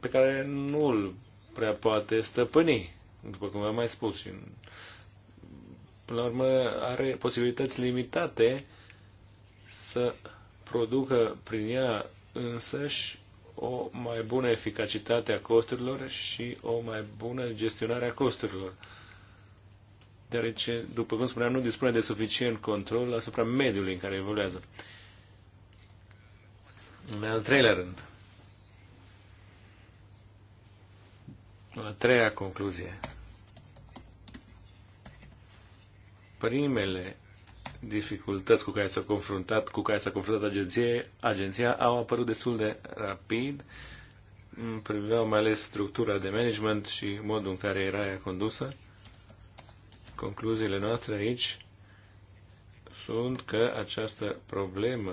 pe care nu îl prea poate stăpâni, după cum v-am mai spus. Și, până la urmă, are posibilități limitate să producă prin ea însăși o mai bună eficacitate a costurilor și o mai bună gestionare a costurilor. Deoarece, după cum spuneam, nu dispune de suficient control asupra mediului în care evoluează. În al treilea rând, a treia concluzie. Primele dificultăți cu care s-a confruntat, cu care s-a confruntat agenție, agenția au apărut destul de rapid, priveau mai ales structura de management și modul în care era ea condusă. Concluziile noastre aici sunt că această problemă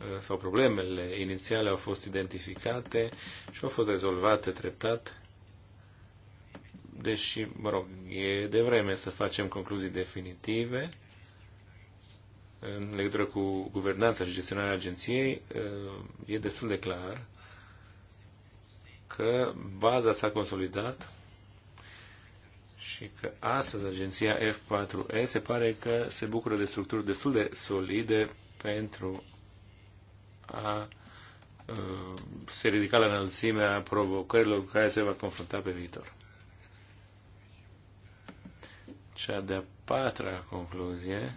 eh, sau problemele inițiale au fost identificate și au fost rezolvate treptat, deși, mă rog, e de vreme să facem concluzii definitive, în legătură cu guvernanța și gestionarea agenției, eh, e destul de clar că baza s-a consolidat și că astăzi agenția F4E se pare că se bucură de structuri destul de solide pentru a eh, se ridica la înălțimea provocărilor cu care se va confrunta pe viitor. Cea de-a patra concluzie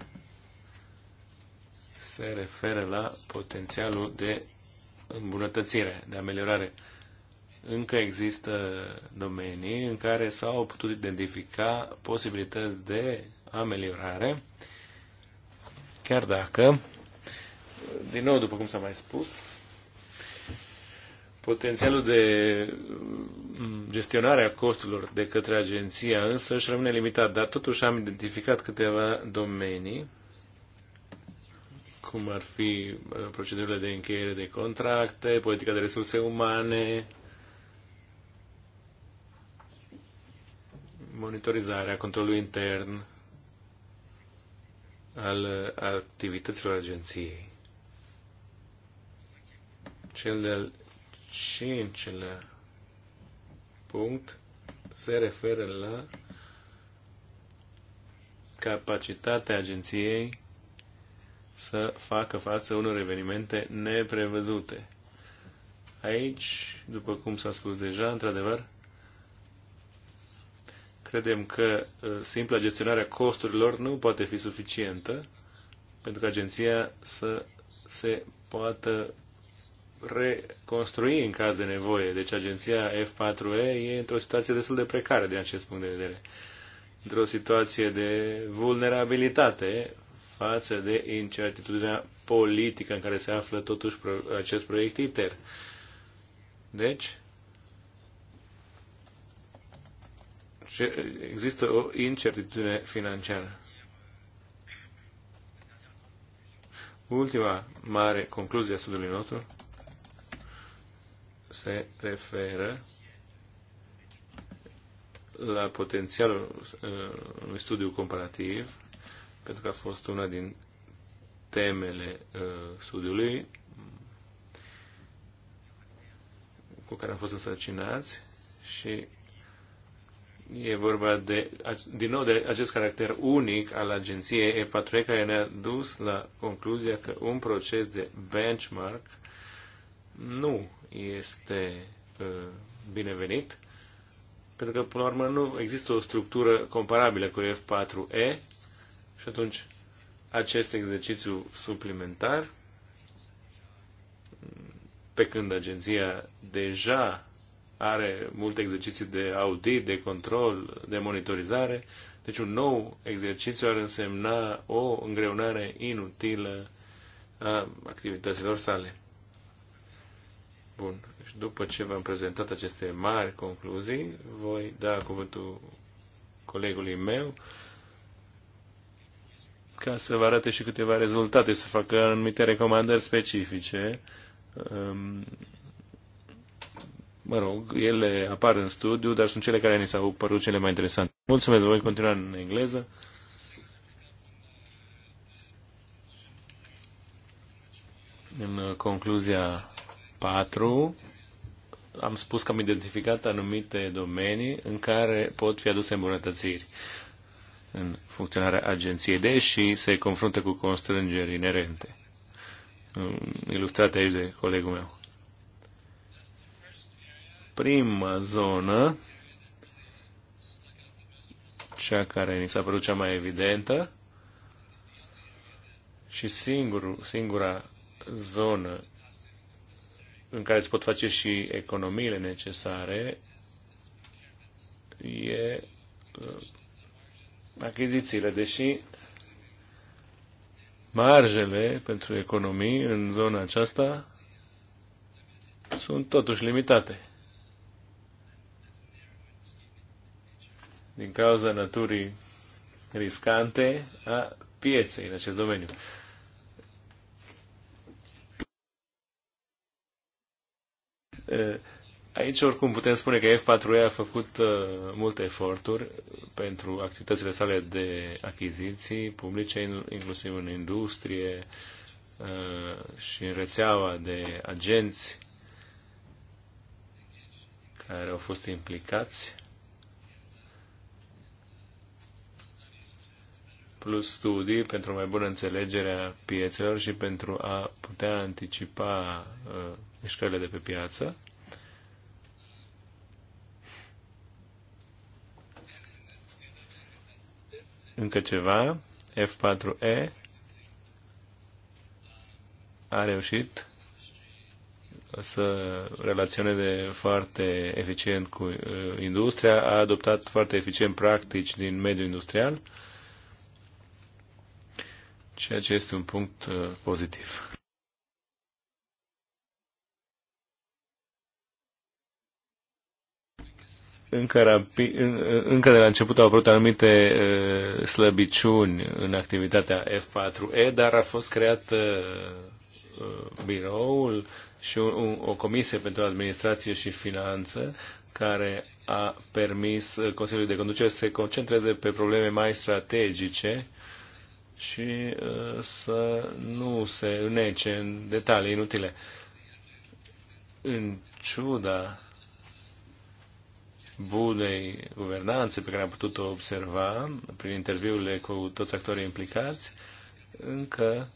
se referă la potențialul de îmbunătățire, de ameliorare. Încă există domenii în care s-au putut identifica posibilități de ameliorare, chiar dacă, din nou, după cum s-a mai spus, Potențialul de mm, gestionare a costurilor de către agenția însă își rămâne limitat, dar totuși am identificat câteva domenii cum ar fi procedurile de încheiere de contracte, politica de resurse umane, monitorizarea controlului intern al activităților agenției. Cel de-al cincilea punct se referă la capacitatea agenției să facă față unor evenimente neprevăzute. Aici, după cum s-a spus deja, într-adevăr, credem că uh, simpla gestionarea costurilor nu poate fi suficientă pentru că agenția să se poată reconstrui în caz de nevoie. Deci agenția F4E e într-o situație destul de precară din acest punct de vedere. Într-o situație de vulnerabilitate față de incertitudinea politică în care se află totuși acest proiect ITER. Deci, există o incertitudine financiară. Ultima mare concluzie a studiului nostru se referă la potențialul uh, unui studiu comparativ pentru că a fost una din temele uh, studiului cu care am fost însărcinați și e vorba de, din nou de acest caracter unic al agenției E4 care ne-a dus la concluzia că un proces de benchmark nu este uh, binevenit, pentru că, până la urmă, nu există o structură comparabilă cu F4E și atunci, acest exercițiu suplimentar, pe când agenția deja are multe exerciții de audit, de control, de monitorizare, deci un nou exercițiu ar însemna o îngreunare inutilă a activităților sale. Bun. Și deci după ce v-am prezentat aceste mari concluzii, voi da cuvântul colegului meu ca să vă arate și câteva rezultate și să facă anumite recomandări specifice. Um, mă rog, ele apar în studiu, dar sunt cele care ne s-au părut cele mai interesante. Mulțumesc, voi continua în engleză. În concluzia 4, am spus că am identificat anumite domenii în care pot fi aduse îmbunătățiri în funcționarea agenției, deși se confruntă cu constrângeri inerente, ilustrate aici de colegul meu. Prima zonă, cea care ni s-a părut cea mai evidentă și singur, singura zonă în care îți pot face și economiile necesare e uh, achizițiile, deși marjele pentru economii în zona aceasta sunt totuși limitate. Din cauza naturii riscante a pieței în acest domeniu. Uh, Aici oricum putem spune că F4E a făcut uh, multe eforturi pentru activitățile sale de achiziții publice, inclusiv în industrie uh, și în rețeaua de agenți care au fost implicați, plus studii pentru mai bună înțelegere a piețelor și pentru a putea anticipa uh, mișcările de pe piață. încă ceva. F4E a reușit să relaționeze foarte eficient cu uh, industria, a adoptat foarte eficient practici din mediul industrial, ceea ce este un punct uh, pozitiv. încă, rapi, încă de la început au apărut anumite uh, slăbiciuni în activitatea F4E, dar a fost creat uh, uh, biroul și o, o comisie pentru administrație și finanță care a permis Consiliului de Conducere să se concentreze pe probleme mai strategice și să nu se înnece în detalii inutile. În ciuda bunei guvernanțe pe care am putut-o observa prin interviurile cu toți actorii implicați, încă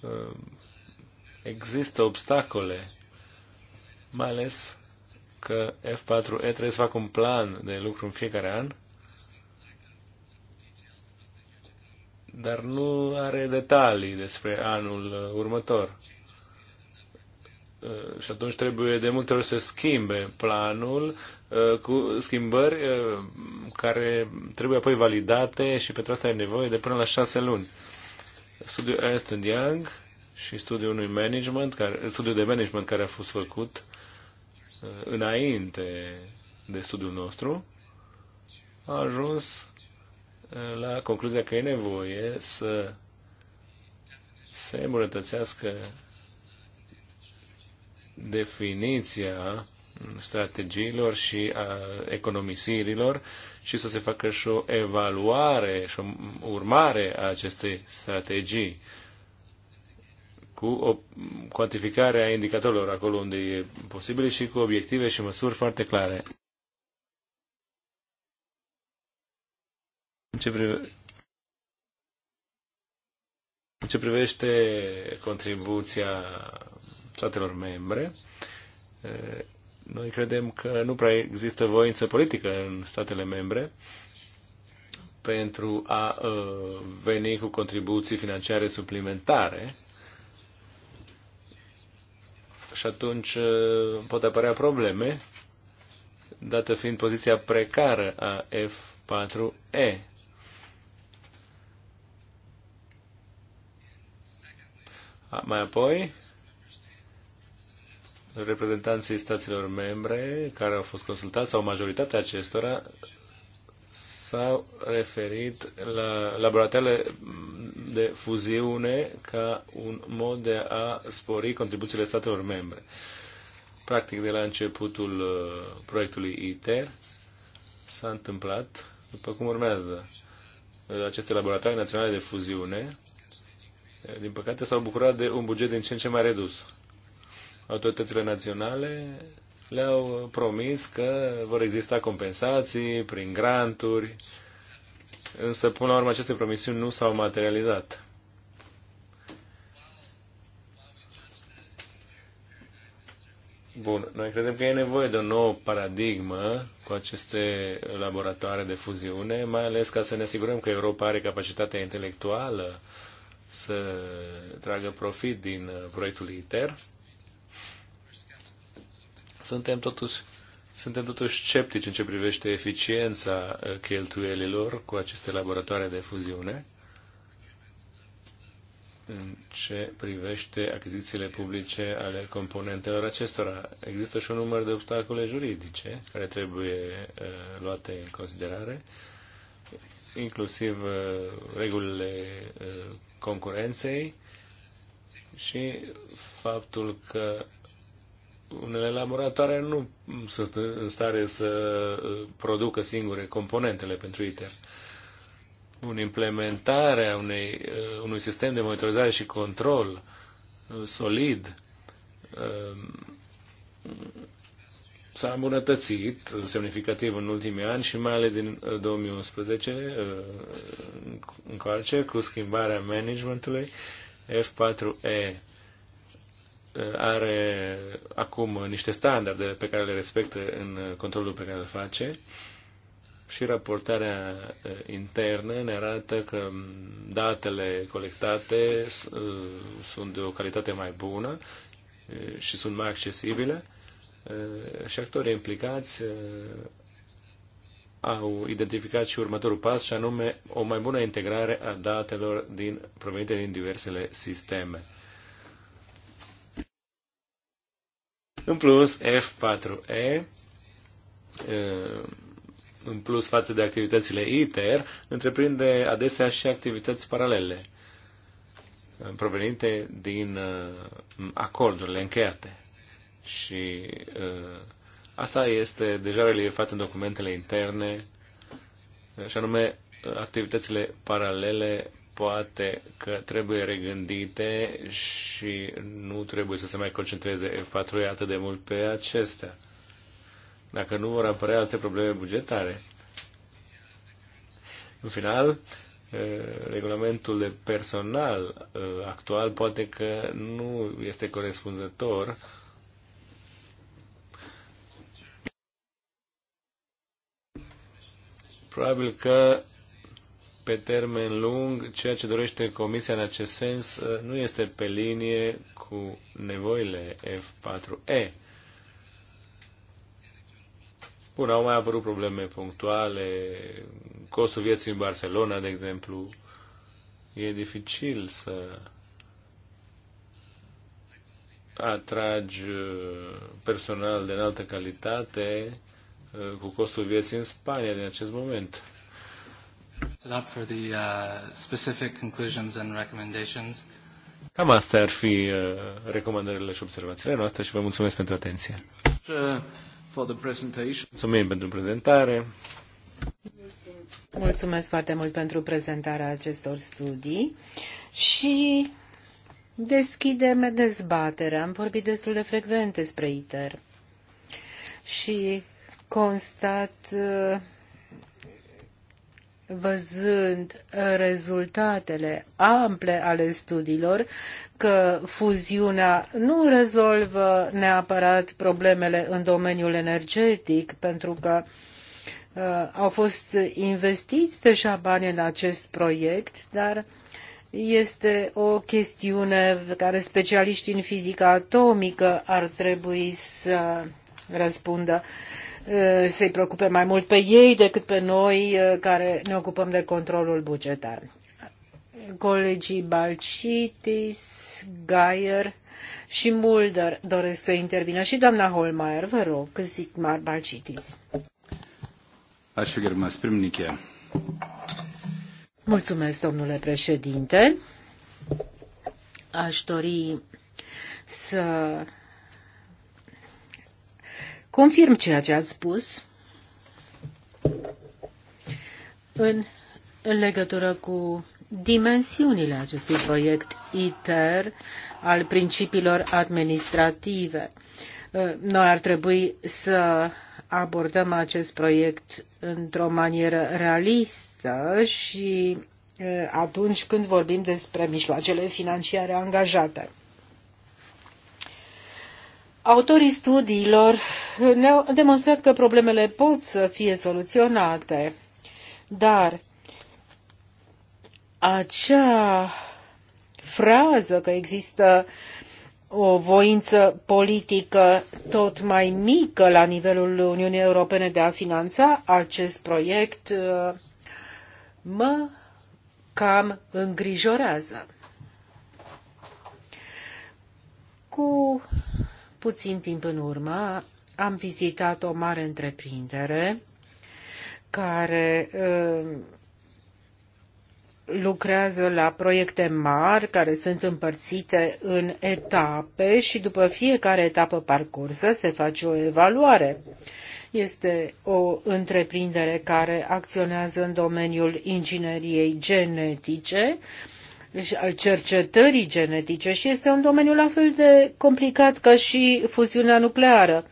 uh, există obstacole, mai ales că F4E trebuie să facă un plan de lucru în fiecare an, dar nu are detalii despre anul următor și atunci trebuie de multe ori să schimbe planul uh, cu schimbări uh, care trebuie apoi validate și pentru asta e nevoie de până la șase luni. Studiul Ernst Young și studiul unui management, care, studiul de management care a fost făcut uh, înainte de studiul nostru, a ajuns la concluzia că e nevoie să se îmbunătățească definiția strategiilor și a economisirilor și să se facă și o evaluare și o urmare a acestei strategii cu o cuantificare a indicatorilor acolo unde e posibil și cu obiective și măsuri foarte clare. În ce, prive... în ce privește contribuția statelor membre. Noi credem că nu prea există voință politică în statele membre pentru a veni cu contribuții financiare suplimentare și atunci pot apărea probleme, dată fiind poziția precară a F4E. Mai apoi, reprezentanții statelor membre care au fost consultați sau majoritatea acestora s-au referit la laboratoarele de fuziune ca un mod de a spori contribuțiile statelor membre. Practic, de la începutul uh, proiectului ITER s-a întâmplat după cum urmează. Uh, aceste laboratoare naționale de fuziune, uh, din păcate, s-au bucurat de un buget din ce în ce mai redus autoritățile naționale le-au promis că vor exista compensații prin granturi, însă până la urmă aceste promisiuni nu s-au materializat. Bun, noi credem că e nevoie de o nouă paradigmă cu aceste laboratoare de fuziune, mai ales ca să ne asigurăm că Europa are capacitatea intelectuală să tragă profit din proiectul ITER suntem totuși, suntem totuși sceptici în ce privește eficiența cheltuielilor cu aceste laboratoare de fuziune în ce privește achizițiile publice ale componentelor acestora. Există și un număr de obstacole juridice care trebuie uh, luate în considerare, inclusiv uh, regulile uh, concurenței și faptul că unele laboratoare nu sunt în stare să uh, producă singure componentele pentru ITER. implementare a unei, uh, unui sistem de monitorizare și control uh, solid s-a îmbunătățit semnificativ în ultimii ani și mai ales din 2011 încoace cu schimbarea managementului F4E are acum niște standarde pe care le respectă în controlul pe care îl face și raportarea eh, internă ne arată că mm, datele colectate eh, sunt de o calitate mai bună eh, și sunt mai accesibile și actorii implicați au identificat și următorul pas, și anume o mai bună integrare a datelor din, provenite din diversele sisteme. În plus, F4E, în plus față de activitățile ITER, întreprinde adesea și activități paralele provenite din acordurile încheiate. Și asta este deja reliefat în documentele interne, și anume activitățile paralele poate că trebuie regândite și nu trebuie să se mai concentreze F4 atât de mult pe acestea. Dacă nu vor apărea alte probleme bugetare. În final, eh, regulamentul de personal eh, actual poate că nu este corespunzător Probabil că pe termen lung, ceea ce dorește Comisia în acest sens uh, nu este pe linie cu nevoile F4E. Bun, au mai apărut probleme punctuale, costul vieții în Barcelona, de exemplu. E dificil să atragi uh, personal de înaltă calitate uh, cu costul vieții în Spania din acest moment up for the uh, specific conclusions and recommendations. Cam astea ar fi uh, recomandările și observațiile noastre și vă mulțumesc pentru atenție. Uh, for the presentation. Mulțumim pentru prezentare. Mulțumesc foarte mult pentru prezentarea acestor studii și deschidem dezbaterea. Am vorbit destul de frecvent despre ITER și constat uh, văzând uh, rezultatele ample ale studiilor, că fuziunea nu rezolvă neapărat problemele în domeniul energetic, pentru că uh, au fost investiți deja bani în acest proiect, dar este o chestiune pe care specialiștii în fizica atomică ar trebui să răspundă. Uh, Uh, să-i preocupe mai mult pe ei decât pe noi uh, care ne ocupăm de controlul bugetar. Colegii Balcitis, Gaier și Mulder doresc să intervină și doamna Holmeier, vă rog, Zigmar Balcitis. Ačiū, Mulțumesc, domnule președinte. Aș dori să confirm ceea ce ați spus în, legătură cu dimensiunile acestui proiect ITER al principiilor administrative. Noi ar trebui să abordăm acest proiect într-o manieră realistă și eh, atunci când vorbim despre mijloacele financiare angajate. Autorii studiilor ne-au demonstrat că problemele pot să fie soluționate, dar acea frază că există o voință politică tot mai mică la nivelul Uniunii Europene de a finanța acest proiect mă cam îngrijorează. Cu puțin timp în urmă am vizitat o mare întreprindere care uh, lucrează la proiecte mari care sunt împărțite în etape și după fiecare etapă parcursă se face o evaluare. Este o întreprindere care acționează în domeniul ingineriei genetice al cercetării genetice și este un domeniu la fel de complicat ca și fuziunea nucleară.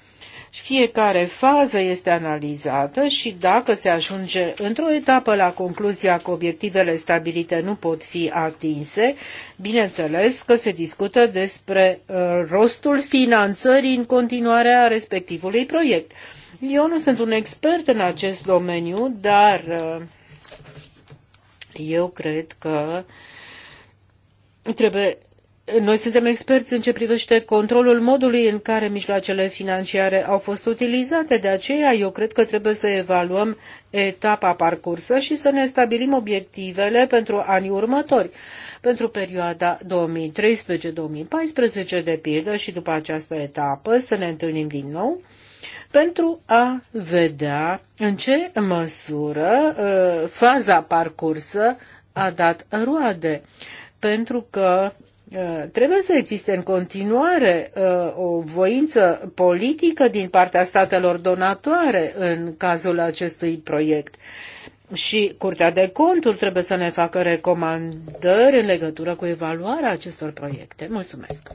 Fiecare fază este analizată și dacă se ajunge într-o etapă la concluzia că obiectivele stabilite nu pot fi atinse, bineînțeles că se discută despre uh, rostul finanțării în continuare a respectivului proiect. Eu nu sunt un expert în acest domeniu, dar uh, eu cred că uh, trebuie noi suntem experți în ce privește controlul modului în care mijloacele financiare au fost utilizate, de aceea eu cred că trebuie să evaluăm etapa parcursă și să ne stabilim obiectivele pentru anii următori, pentru perioada 2013-2014 de pildă și după această etapă să ne întâlnim din nou pentru a vedea în ce măsură uh, faza parcursă a dat roade pentru că uh, trebuie să existe în continuare uh, o voință politică din partea statelor donatoare în cazul acestui proiect. Și Curtea de Conturi trebuie să ne facă recomandări în legătură cu evaluarea acestor proiecte. Mulțumesc.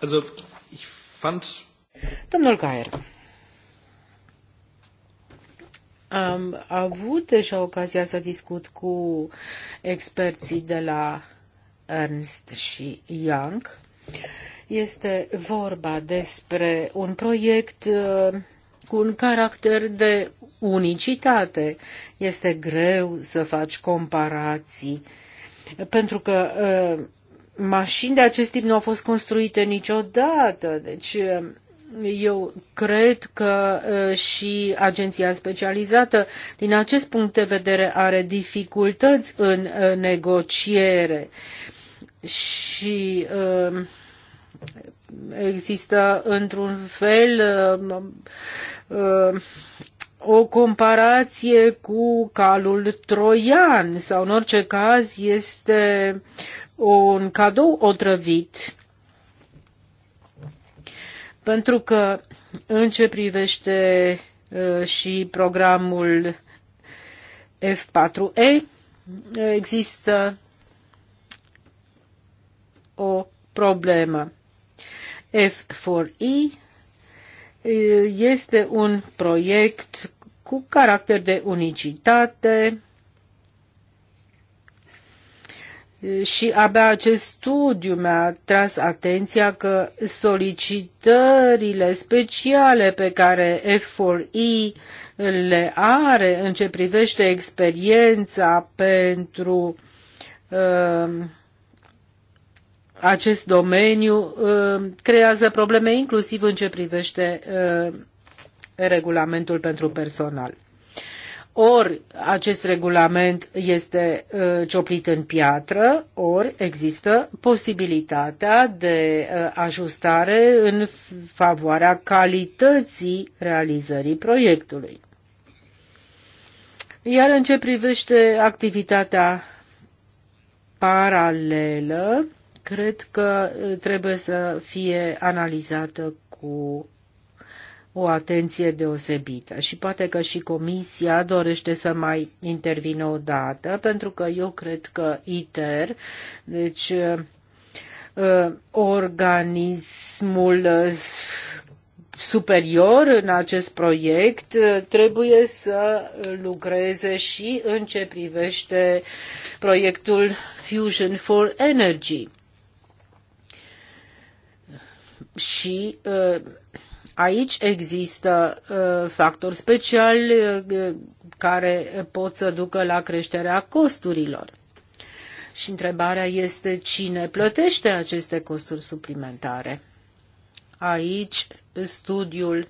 Also, ich fand... Domnul Caer. Am avut deja ocazia să discut cu experții de la Ernst și Young. Este vorba despre un proiect uh, cu un caracter de unicitate. Este greu să faci comparații, pentru că uh, mașini de acest tip nu au fost construite niciodată. Deci uh, eu cred că și agenția specializată, din acest punct de vedere, are dificultăți în negociere și există într-un fel o comparație cu calul troian sau în orice caz este un cadou otrăvit pentru că în ce privește uh, și programul F4E există o problemă. F4E uh, este un proiect cu caracter de unicitate, și abia acest studiu mi-a tras atenția că solicitările speciale pe care F4E le are în ce privește experiența pentru uh, acest domeniu uh, creează probleme inclusiv în ce privește uh, regulamentul pentru personal. Ori acest regulament este uh, cioplit în piatră, ori există posibilitatea de uh, ajustare în favoarea calității realizării proiectului. Iar în ce privește activitatea paralelă, cred că uh, trebuie să fie analizată cu o atenție deosebită și poate că și Comisia dorește să mai intervină o dată, pentru că eu cred că ITER, deci uh, uh, organismul uh, superior în acest proiect trebuie să lucreze și în ce privește proiectul Fusion for Energy. Și Aici există uh, factori speciali uh, care pot să ducă la creșterea costurilor. Și întrebarea este cine plătește aceste costuri suplimentare. Aici studiul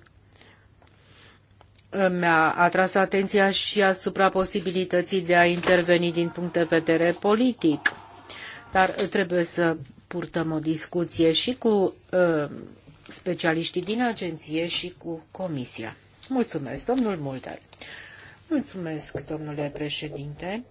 uh, mi-a atras atenția și asupra posibilității de a interveni din punct de vedere politic. Dar trebuie să purtăm o discuție și cu uh, specialiștii din agenție și cu comisia. Mulțumesc, domnul Mulder. Mulțumesc, domnule președinte.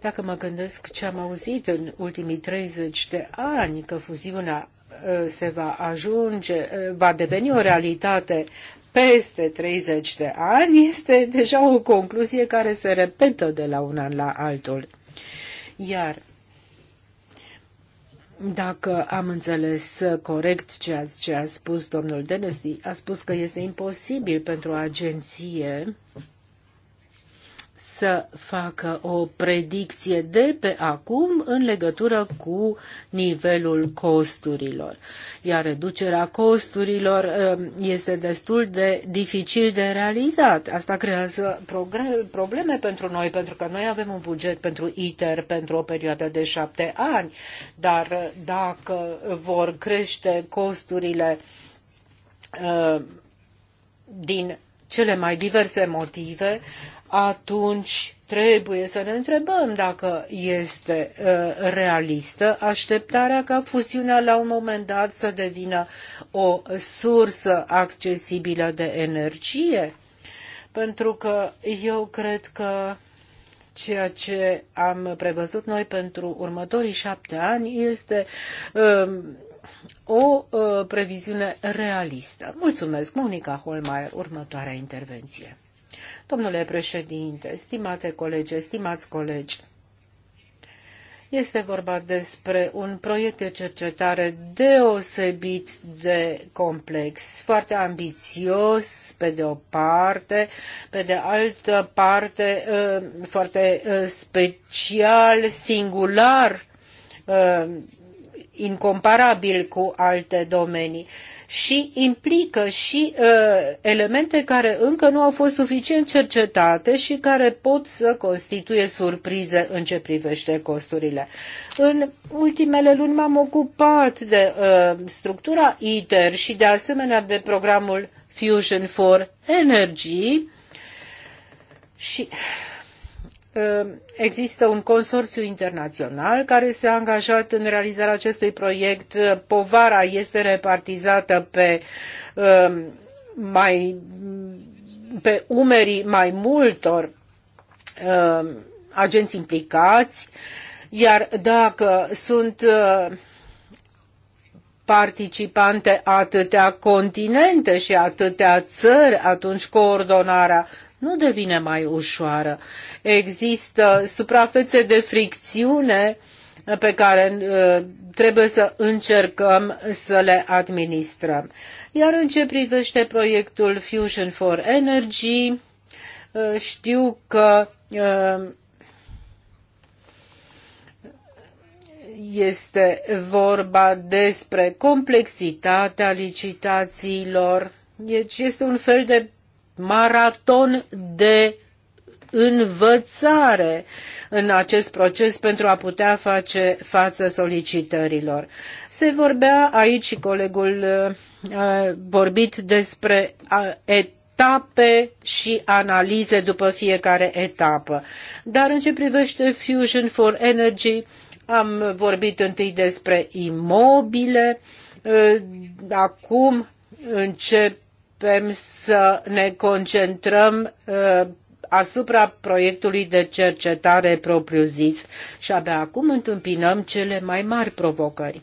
Dacă mă gândesc ce am auzit în ultimii 30 de ani, că fuziunea ă, se va ajunge, ă, va deveni o realitate peste 30 de ani, este deja o concluzie care se repetă de la un an la altul. Iar dacă am înțeles corect ceea ce a spus domnul Denesti, a spus că este imposibil pentru o agenție să facă o predicție de pe acum în legătură cu nivelul costurilor. Iar reducerea costurilor um, este destul de dificil de realizat. Asta creează probleme pentru noi, pentru că noi avem un buget pentru ITER pentru o perioadă de șapte ani, dar uh, dacă vor crește costurile uh, din cele mai diverse motive, atunci trebuie să ne întrebăm dacă este uh, realistă așteptarea ca fuziunea la un moment dat să devină o sursă accesibilă de energie. Pentru că eu cred că ceea ce am prevăzut noi pentru următorii șapte ani este uh, o uh, previziune realistă. Mulțumesc, Monica Holmeier, următoarea intervenție. Domnule președinte, stimate colegi, stimați colegi, este vorba despre un proiect de cercetare deosebit de complex, foarte ambițios pe de o parte, pe de altă parte ă, foarte ă, special, singular, ă, incomparabil cu alte domenii și implică și uh, elemente care încă nu au fost suficient cercetate și care pot să constituie surprize în ce privește costurile. În ultimele luni m-am ocupat de uh, structura ITER și de asemenea de programul Fusion for Energy și Ehm, există un consorțiu internațional care s-a angajat în realizarea acestui proiect. Povara este repartizată pe ehm, mai pe umerii mai multor ehm, agenți implicați, iar dacă sunt participante atâtea continente și atâtea țări, atunci coordonarea nu devine mai ușoară. Există suprafețe de fricțiune pe care uh, trebuie să încercăm să le administrăm. Iar în ce privește proiectul Fusion for Energy, uh, știu că uh, este vorba despre complexitatea licitațiilor. Deci este un fel de maraton de învățare în acest proces pentru a putea face față solicitărilor. Se vorbea aici și colegul a uh, vorbit despre uh, etape și analize după fiecare etapă. Dar în ce privește Fusion for Energy, am vorbit întâi despre imobile, uh, acum încep începem să ne concentrăm uh, asupra proiectului de cercetare propriu-zis și abia acum întâmpinăm cele mai mari provocări.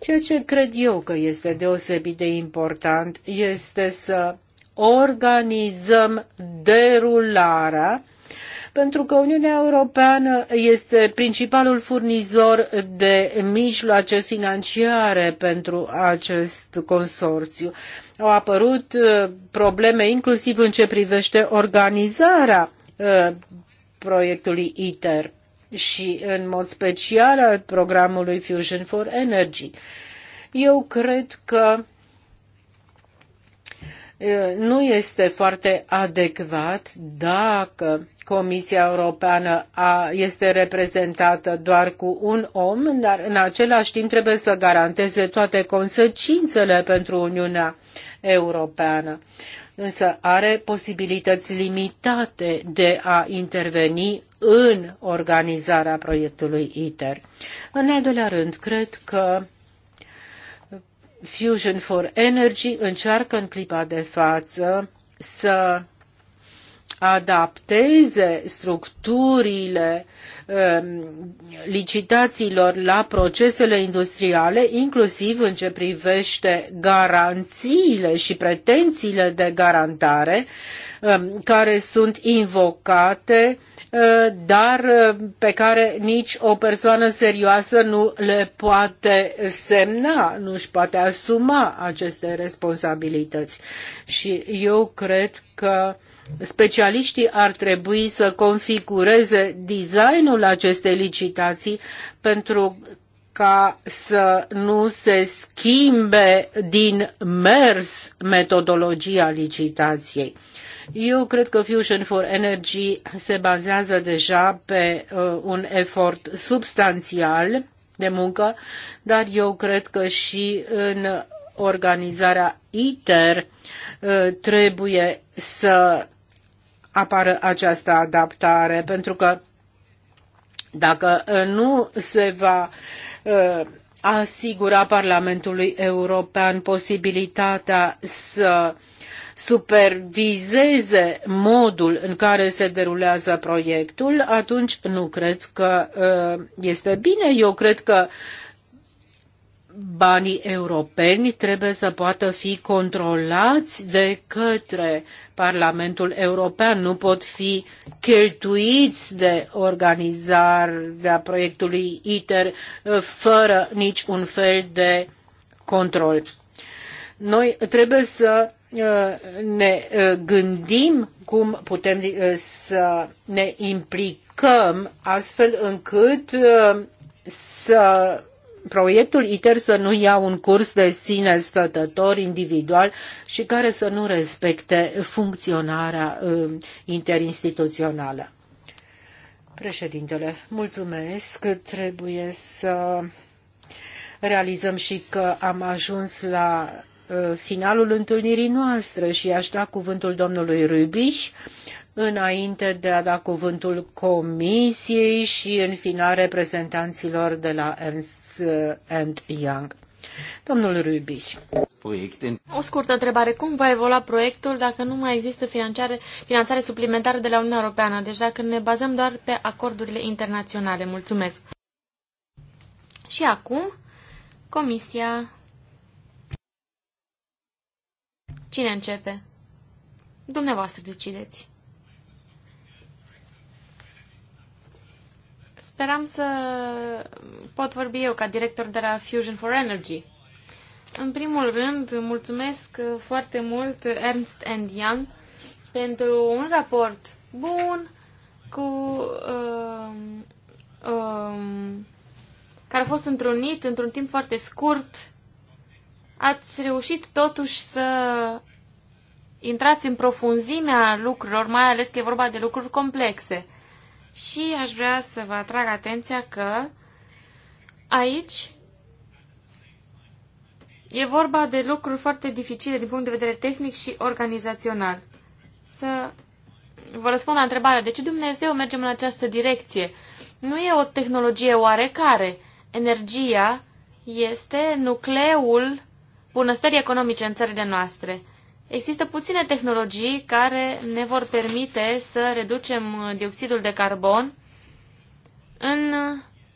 Ceea ce cred eu că este deosebit de important este să organizăm derularea pentru că Uniunea Europeană este principalul furnizor de mijloace financiare pentru acest consorțiu au apărut uh, probleme inclusiv în ce privește organizarea uh, proiectului ITER și în mod special al programului Fusion for Energy. Eu cred că nu este foarte adecvat dacă Comisia Europeană a, este reprezentată doar cu un om, dar în același timp trebuie să garanteze toate consecințele pentru Uniunea Europeană. Însă are posibilități limitate de a interveni în organizarea proiectului ITER. În al doilea rând, cred că Fusion for Energy încearcă în clipa de față să adapteze structurile um, licitațiilor la procesele industriale, inclusiv în ce privește garanțiile și pretențiile de garantare um, care sunt invocate uh, dar uh, pe care nici o persoană serioasă nu le poate semna, nu își poate asuma aceste responsabilități. Și eu cred că uh, specialiștii ar trebui să configureze designul acestei licitații pentru ca să nu se schimbe din mers metodologia licitației. Eu cred că Fusion for Energy se bazează deja pe uh, un efort substanțial de muncă, dar eu cred că și în organizarea ITER uh, trebuie să apară această adaptare, pentru că dacă uh, nu se va uh, asigura Parlamentului European posibilitatea să supervizeze modul în care se derulează proiectul, atunci nu cred că uh, este bine. Eu cred că banii europeni trebuie să poată fi controlați de către Parlamentul European, nu pot fi cheltuiți de organizarea proiectului ITER uh, fără niciun fel de control. Noi trebuie să uh, ne uh, gândim cum putem să ne implicăm astfel încât să proiectul ITER să nu ia un curs de sine stătător, individual și care să nu respecte funcționarea um, interinstituțională. Președintele, mulțumesc. Trebuie să realizăm și că am ajuns la uh, finalul întâlnirii noastre și aș da cuvântul domnului Rubiș înainte de a da cuvântul comisiei și în final reprezentanților de la Ernst and Young. Domnul Rubiș. O scurtă întrebare. Cum va evolua proiectul dacă nu mai există finanțare, finanțare suplimentară de la Uniunea Europeană? deja deci când ne bazăm doar pe acordurile internaționale. Mulțumesc. Și acum, Comisia. Cine începe? Dumneavoastră decideți. Speram să pot vorbi eu ca director de la Fusion for Energy. În primul rând, mulțumesc foarte mult Ernst and Young pentru un raport bun cu um, um, care a fost întrunit într-un timp foarte scurt. Ați reușit totuși să intrați în profunzimea lucrurilor, mai ales că e vorba de lucruri complexe și aș vrea să vă atrag atenția că aici e vorba de lucruri foarte dificile din punct de vedere tehnic și organizațional. Să vă răspund la întrebarea de ce Dumnezeu mergem în această direcție. Nu e o tehnologie oarecare. Energia este nucleul bunăstării economice în țările noastre. Există puține tehnologii care ne vor permite să reducem dioxidul de carbon în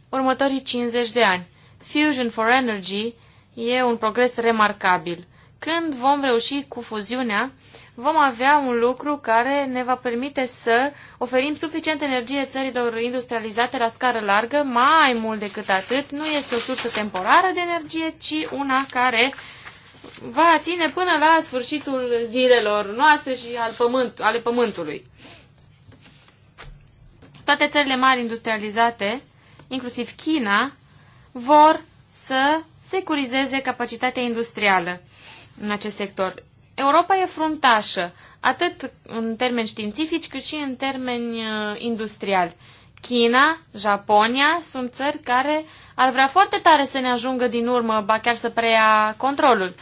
următorii 50 de ani. Fusion for Energy e un progres remarcabil. Când vom reuși cu fuziunea, vom avea un lucru care ne va permite să oferim suficientă energie țărilor industrializate la scară largă, mai mult decât atât, nu este o sursă temporară de energie, ci una care uh, va ține până la sfârșitul zilelor noastre și al pământ, ale pământului. Toate țările mari industrializate, inclusiv China, vor să securizeze capacitatea industrială în acest sector. Europa e fruntașă, atât în termeni științifici cât și în termeni uh, industriali. China, Japonia sunt țări care ar vrea foarte tare să ne ajungă din urmă, ba chiar să preia controlul.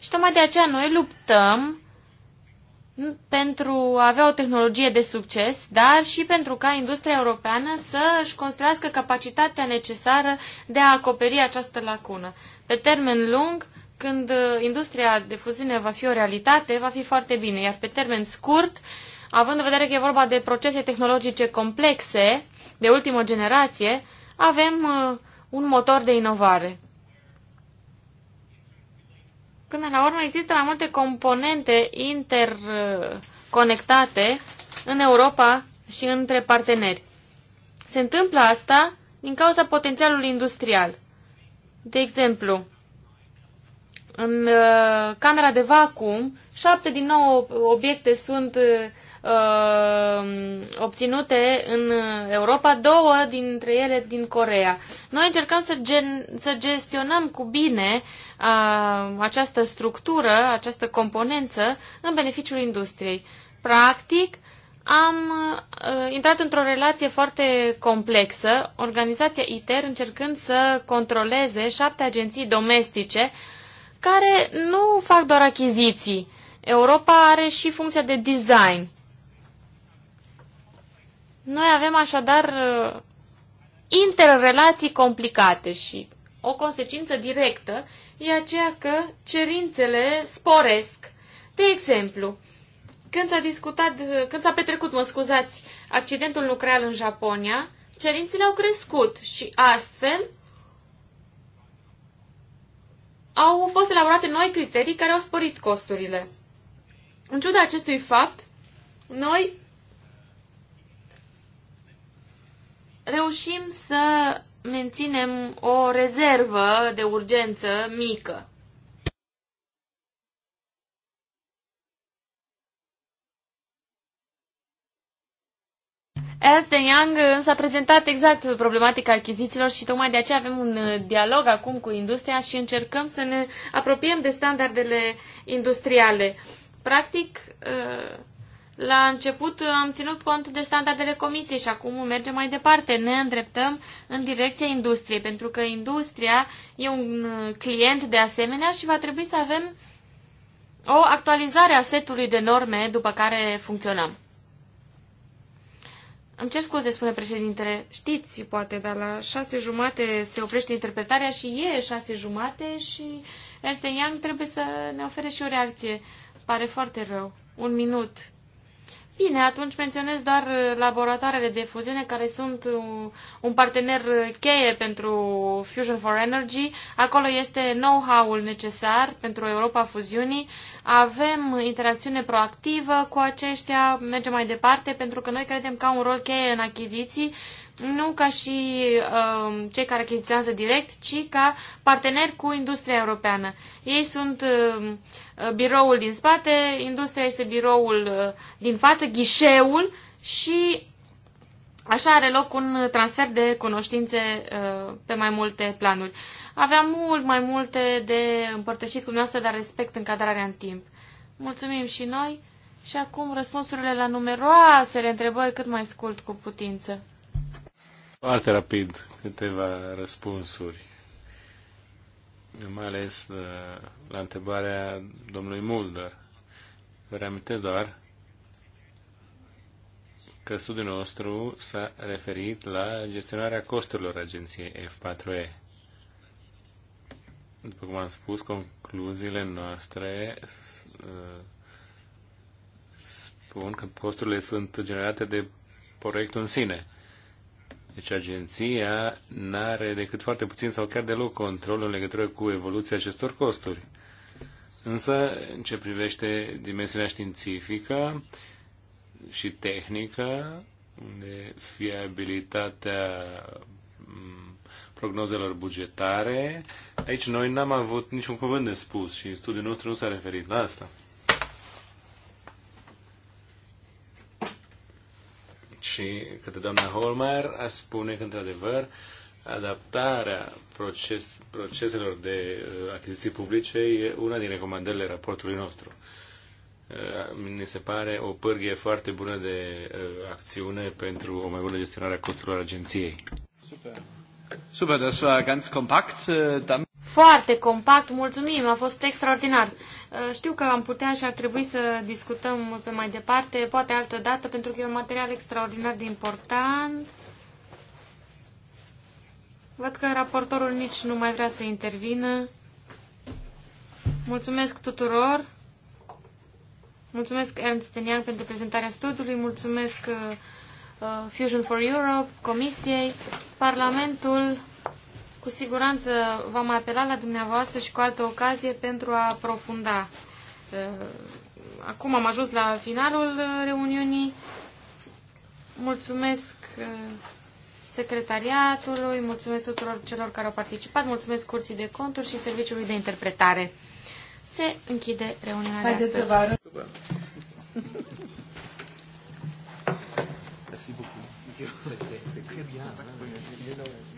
Și tocmai de aceea noi luptăm pentru a avea o tehnologie de succes, dar și pentru ca industria europeană să își construiască capacitatea necesară de a acoperi această lacună. Pe termen lung, când industria de fuziune va fi o realitate, va fi foarte bine, iar pe termen scurt, având în vedere că e vorba de procese tehnologice complexe de ultimă generație, avem uh, un motor de inovare. Până la urmă există mai multe componente interconectate în Europa și între parteneri. Se întâmplă asta din cauza potențialului industrial. De exemplu, în uh, camera de vacuum, șapte din nouă obiecte sunt uh, obținute în Europa, două dintre ele din Corea. Noi încercăm să, gen, să gestionăm cu bine uh, această structură, această componență în beneficiul industriei. Practic, am uh, intrat într-o relație foarte complexă, organizația ITER încercând să controleze șapte agenții domestice care nu fac doar achiziții. Europa are și funcția de design. Noi avem așadar uh, interrelații complicate și o consecință directă e aceea că cerințele sporesc. De exemplu, când s-a discutat, uh, când s-a petrecut, mă scuzați, accidentul nuclear în Japonia, cerințele au crescut și astfel au fost elaborate noi criterii care au sporit costurile. În ciuda acestui fapt, noi reușim să menținem o rezervă de urgență mică. Ernst Young uh, însă a prezentat exact problematica achizițiilor și tocmai de aceea avem un uh, dialog acum cu industria și încercăm să ne apropiem de standardele industriale. Practic, uh, la început am ținut cont de standardele comisiei și acum mergem mai departe. Ne îndreptăm în direcția industriei, pentru că industria e un client de asemenea și va trebui să avem o actualizare a setului de norme după care funcționăm. Îmi cer scuze, spune președintele. Știți, poate, dar la șase jumate se oprește interpretarea și e șase jumate și Ernst Young trebuie să ne ofere și o reacție. Pare foarte rău. Un minut. Bine, atunci menționez doar uh, laboratoarele de fuziune care sunt uh, un partener uh, cheie pentru Fusion for Energy. Acolo este know-how-ul necesar pentru Europa fuziunii. Avem interacțiune proactivă cu aceștia, mergem mai departe pentru că noi credem că au un rol cheie în achiziții nu ca și uh, cei care achiziționează direct, ci ca parteneri cu industria europeană. Ei sunt uh, biroul din spate, industria este biroul uh, din față, ghișeul și Așa are loc un transfer de cunoștințe uh, pe mai multe planuri. Aveam mult mai multe de împărtășit cu dumneavoastră, dar respect încadrarea în timp. Mulțumim și noi și acum răspunsurile la numeroasele întrebări cât mai scurt cu putință. Foarte rapid câteva răspunsuri, mai ales uh, la întrebarea domnului Mulder. Vă reamintesc doar că studiul nostru s-a referit la gestionarea costurilor agenției F4E. După cum am spus, concluziile noastre uh, spun că costurile sunt generate de proiectul în sine. Deci agenția nu are decât foarte puțin sau chiar deloc control în legătură cu evoluția acestor costuri. Însă, în ce privește dimensiunea științifică și tehnică, unde fiabilitatea prognozelor bugetare, aici noi n-am avut niciun cuvânt de spus și studiul nostru nu s-a referit la asta. și către doamna Holmer, a spune că, într-adevăr, adaptarea proces, proceselor de uh, achiziții publice e una din recomandările raportului nostru. Uh, mi se pare o pârghie foarte bună de uh, acțiune pentru o mai bună gestionare a costurilor agenției. Super. Super, das war ganz kompakt. Äh, dann foarte compact, mulțumim, a fost extraordinar. Uh, știu că am putea și ar trebui să discutăm pe mai departe, poate altă dată, pentru că e un material extraordinar de important. Văd că raportorul nici nu mai vrea să intervină. Mulțumesc tuturor. Mulțumesc Ernst Tenian pentru prezentarea studiului, mulțumesc uh, uh, Fusion for Europe, Comisiei. Parlamentul cu siguranță vom mai apela la dumneavoastră și cu altă ocazie pentru a aprofunda. Acum am ajuns la finalul reuniunii. Mulțumesc secretariatului, mulțumesc tuturor celor care au participat, mulțumesc curții de conturi și serviciului de interpretare. Se închide reuniunea Haideți de astăzi. Merci beaucoup. C'est très bien.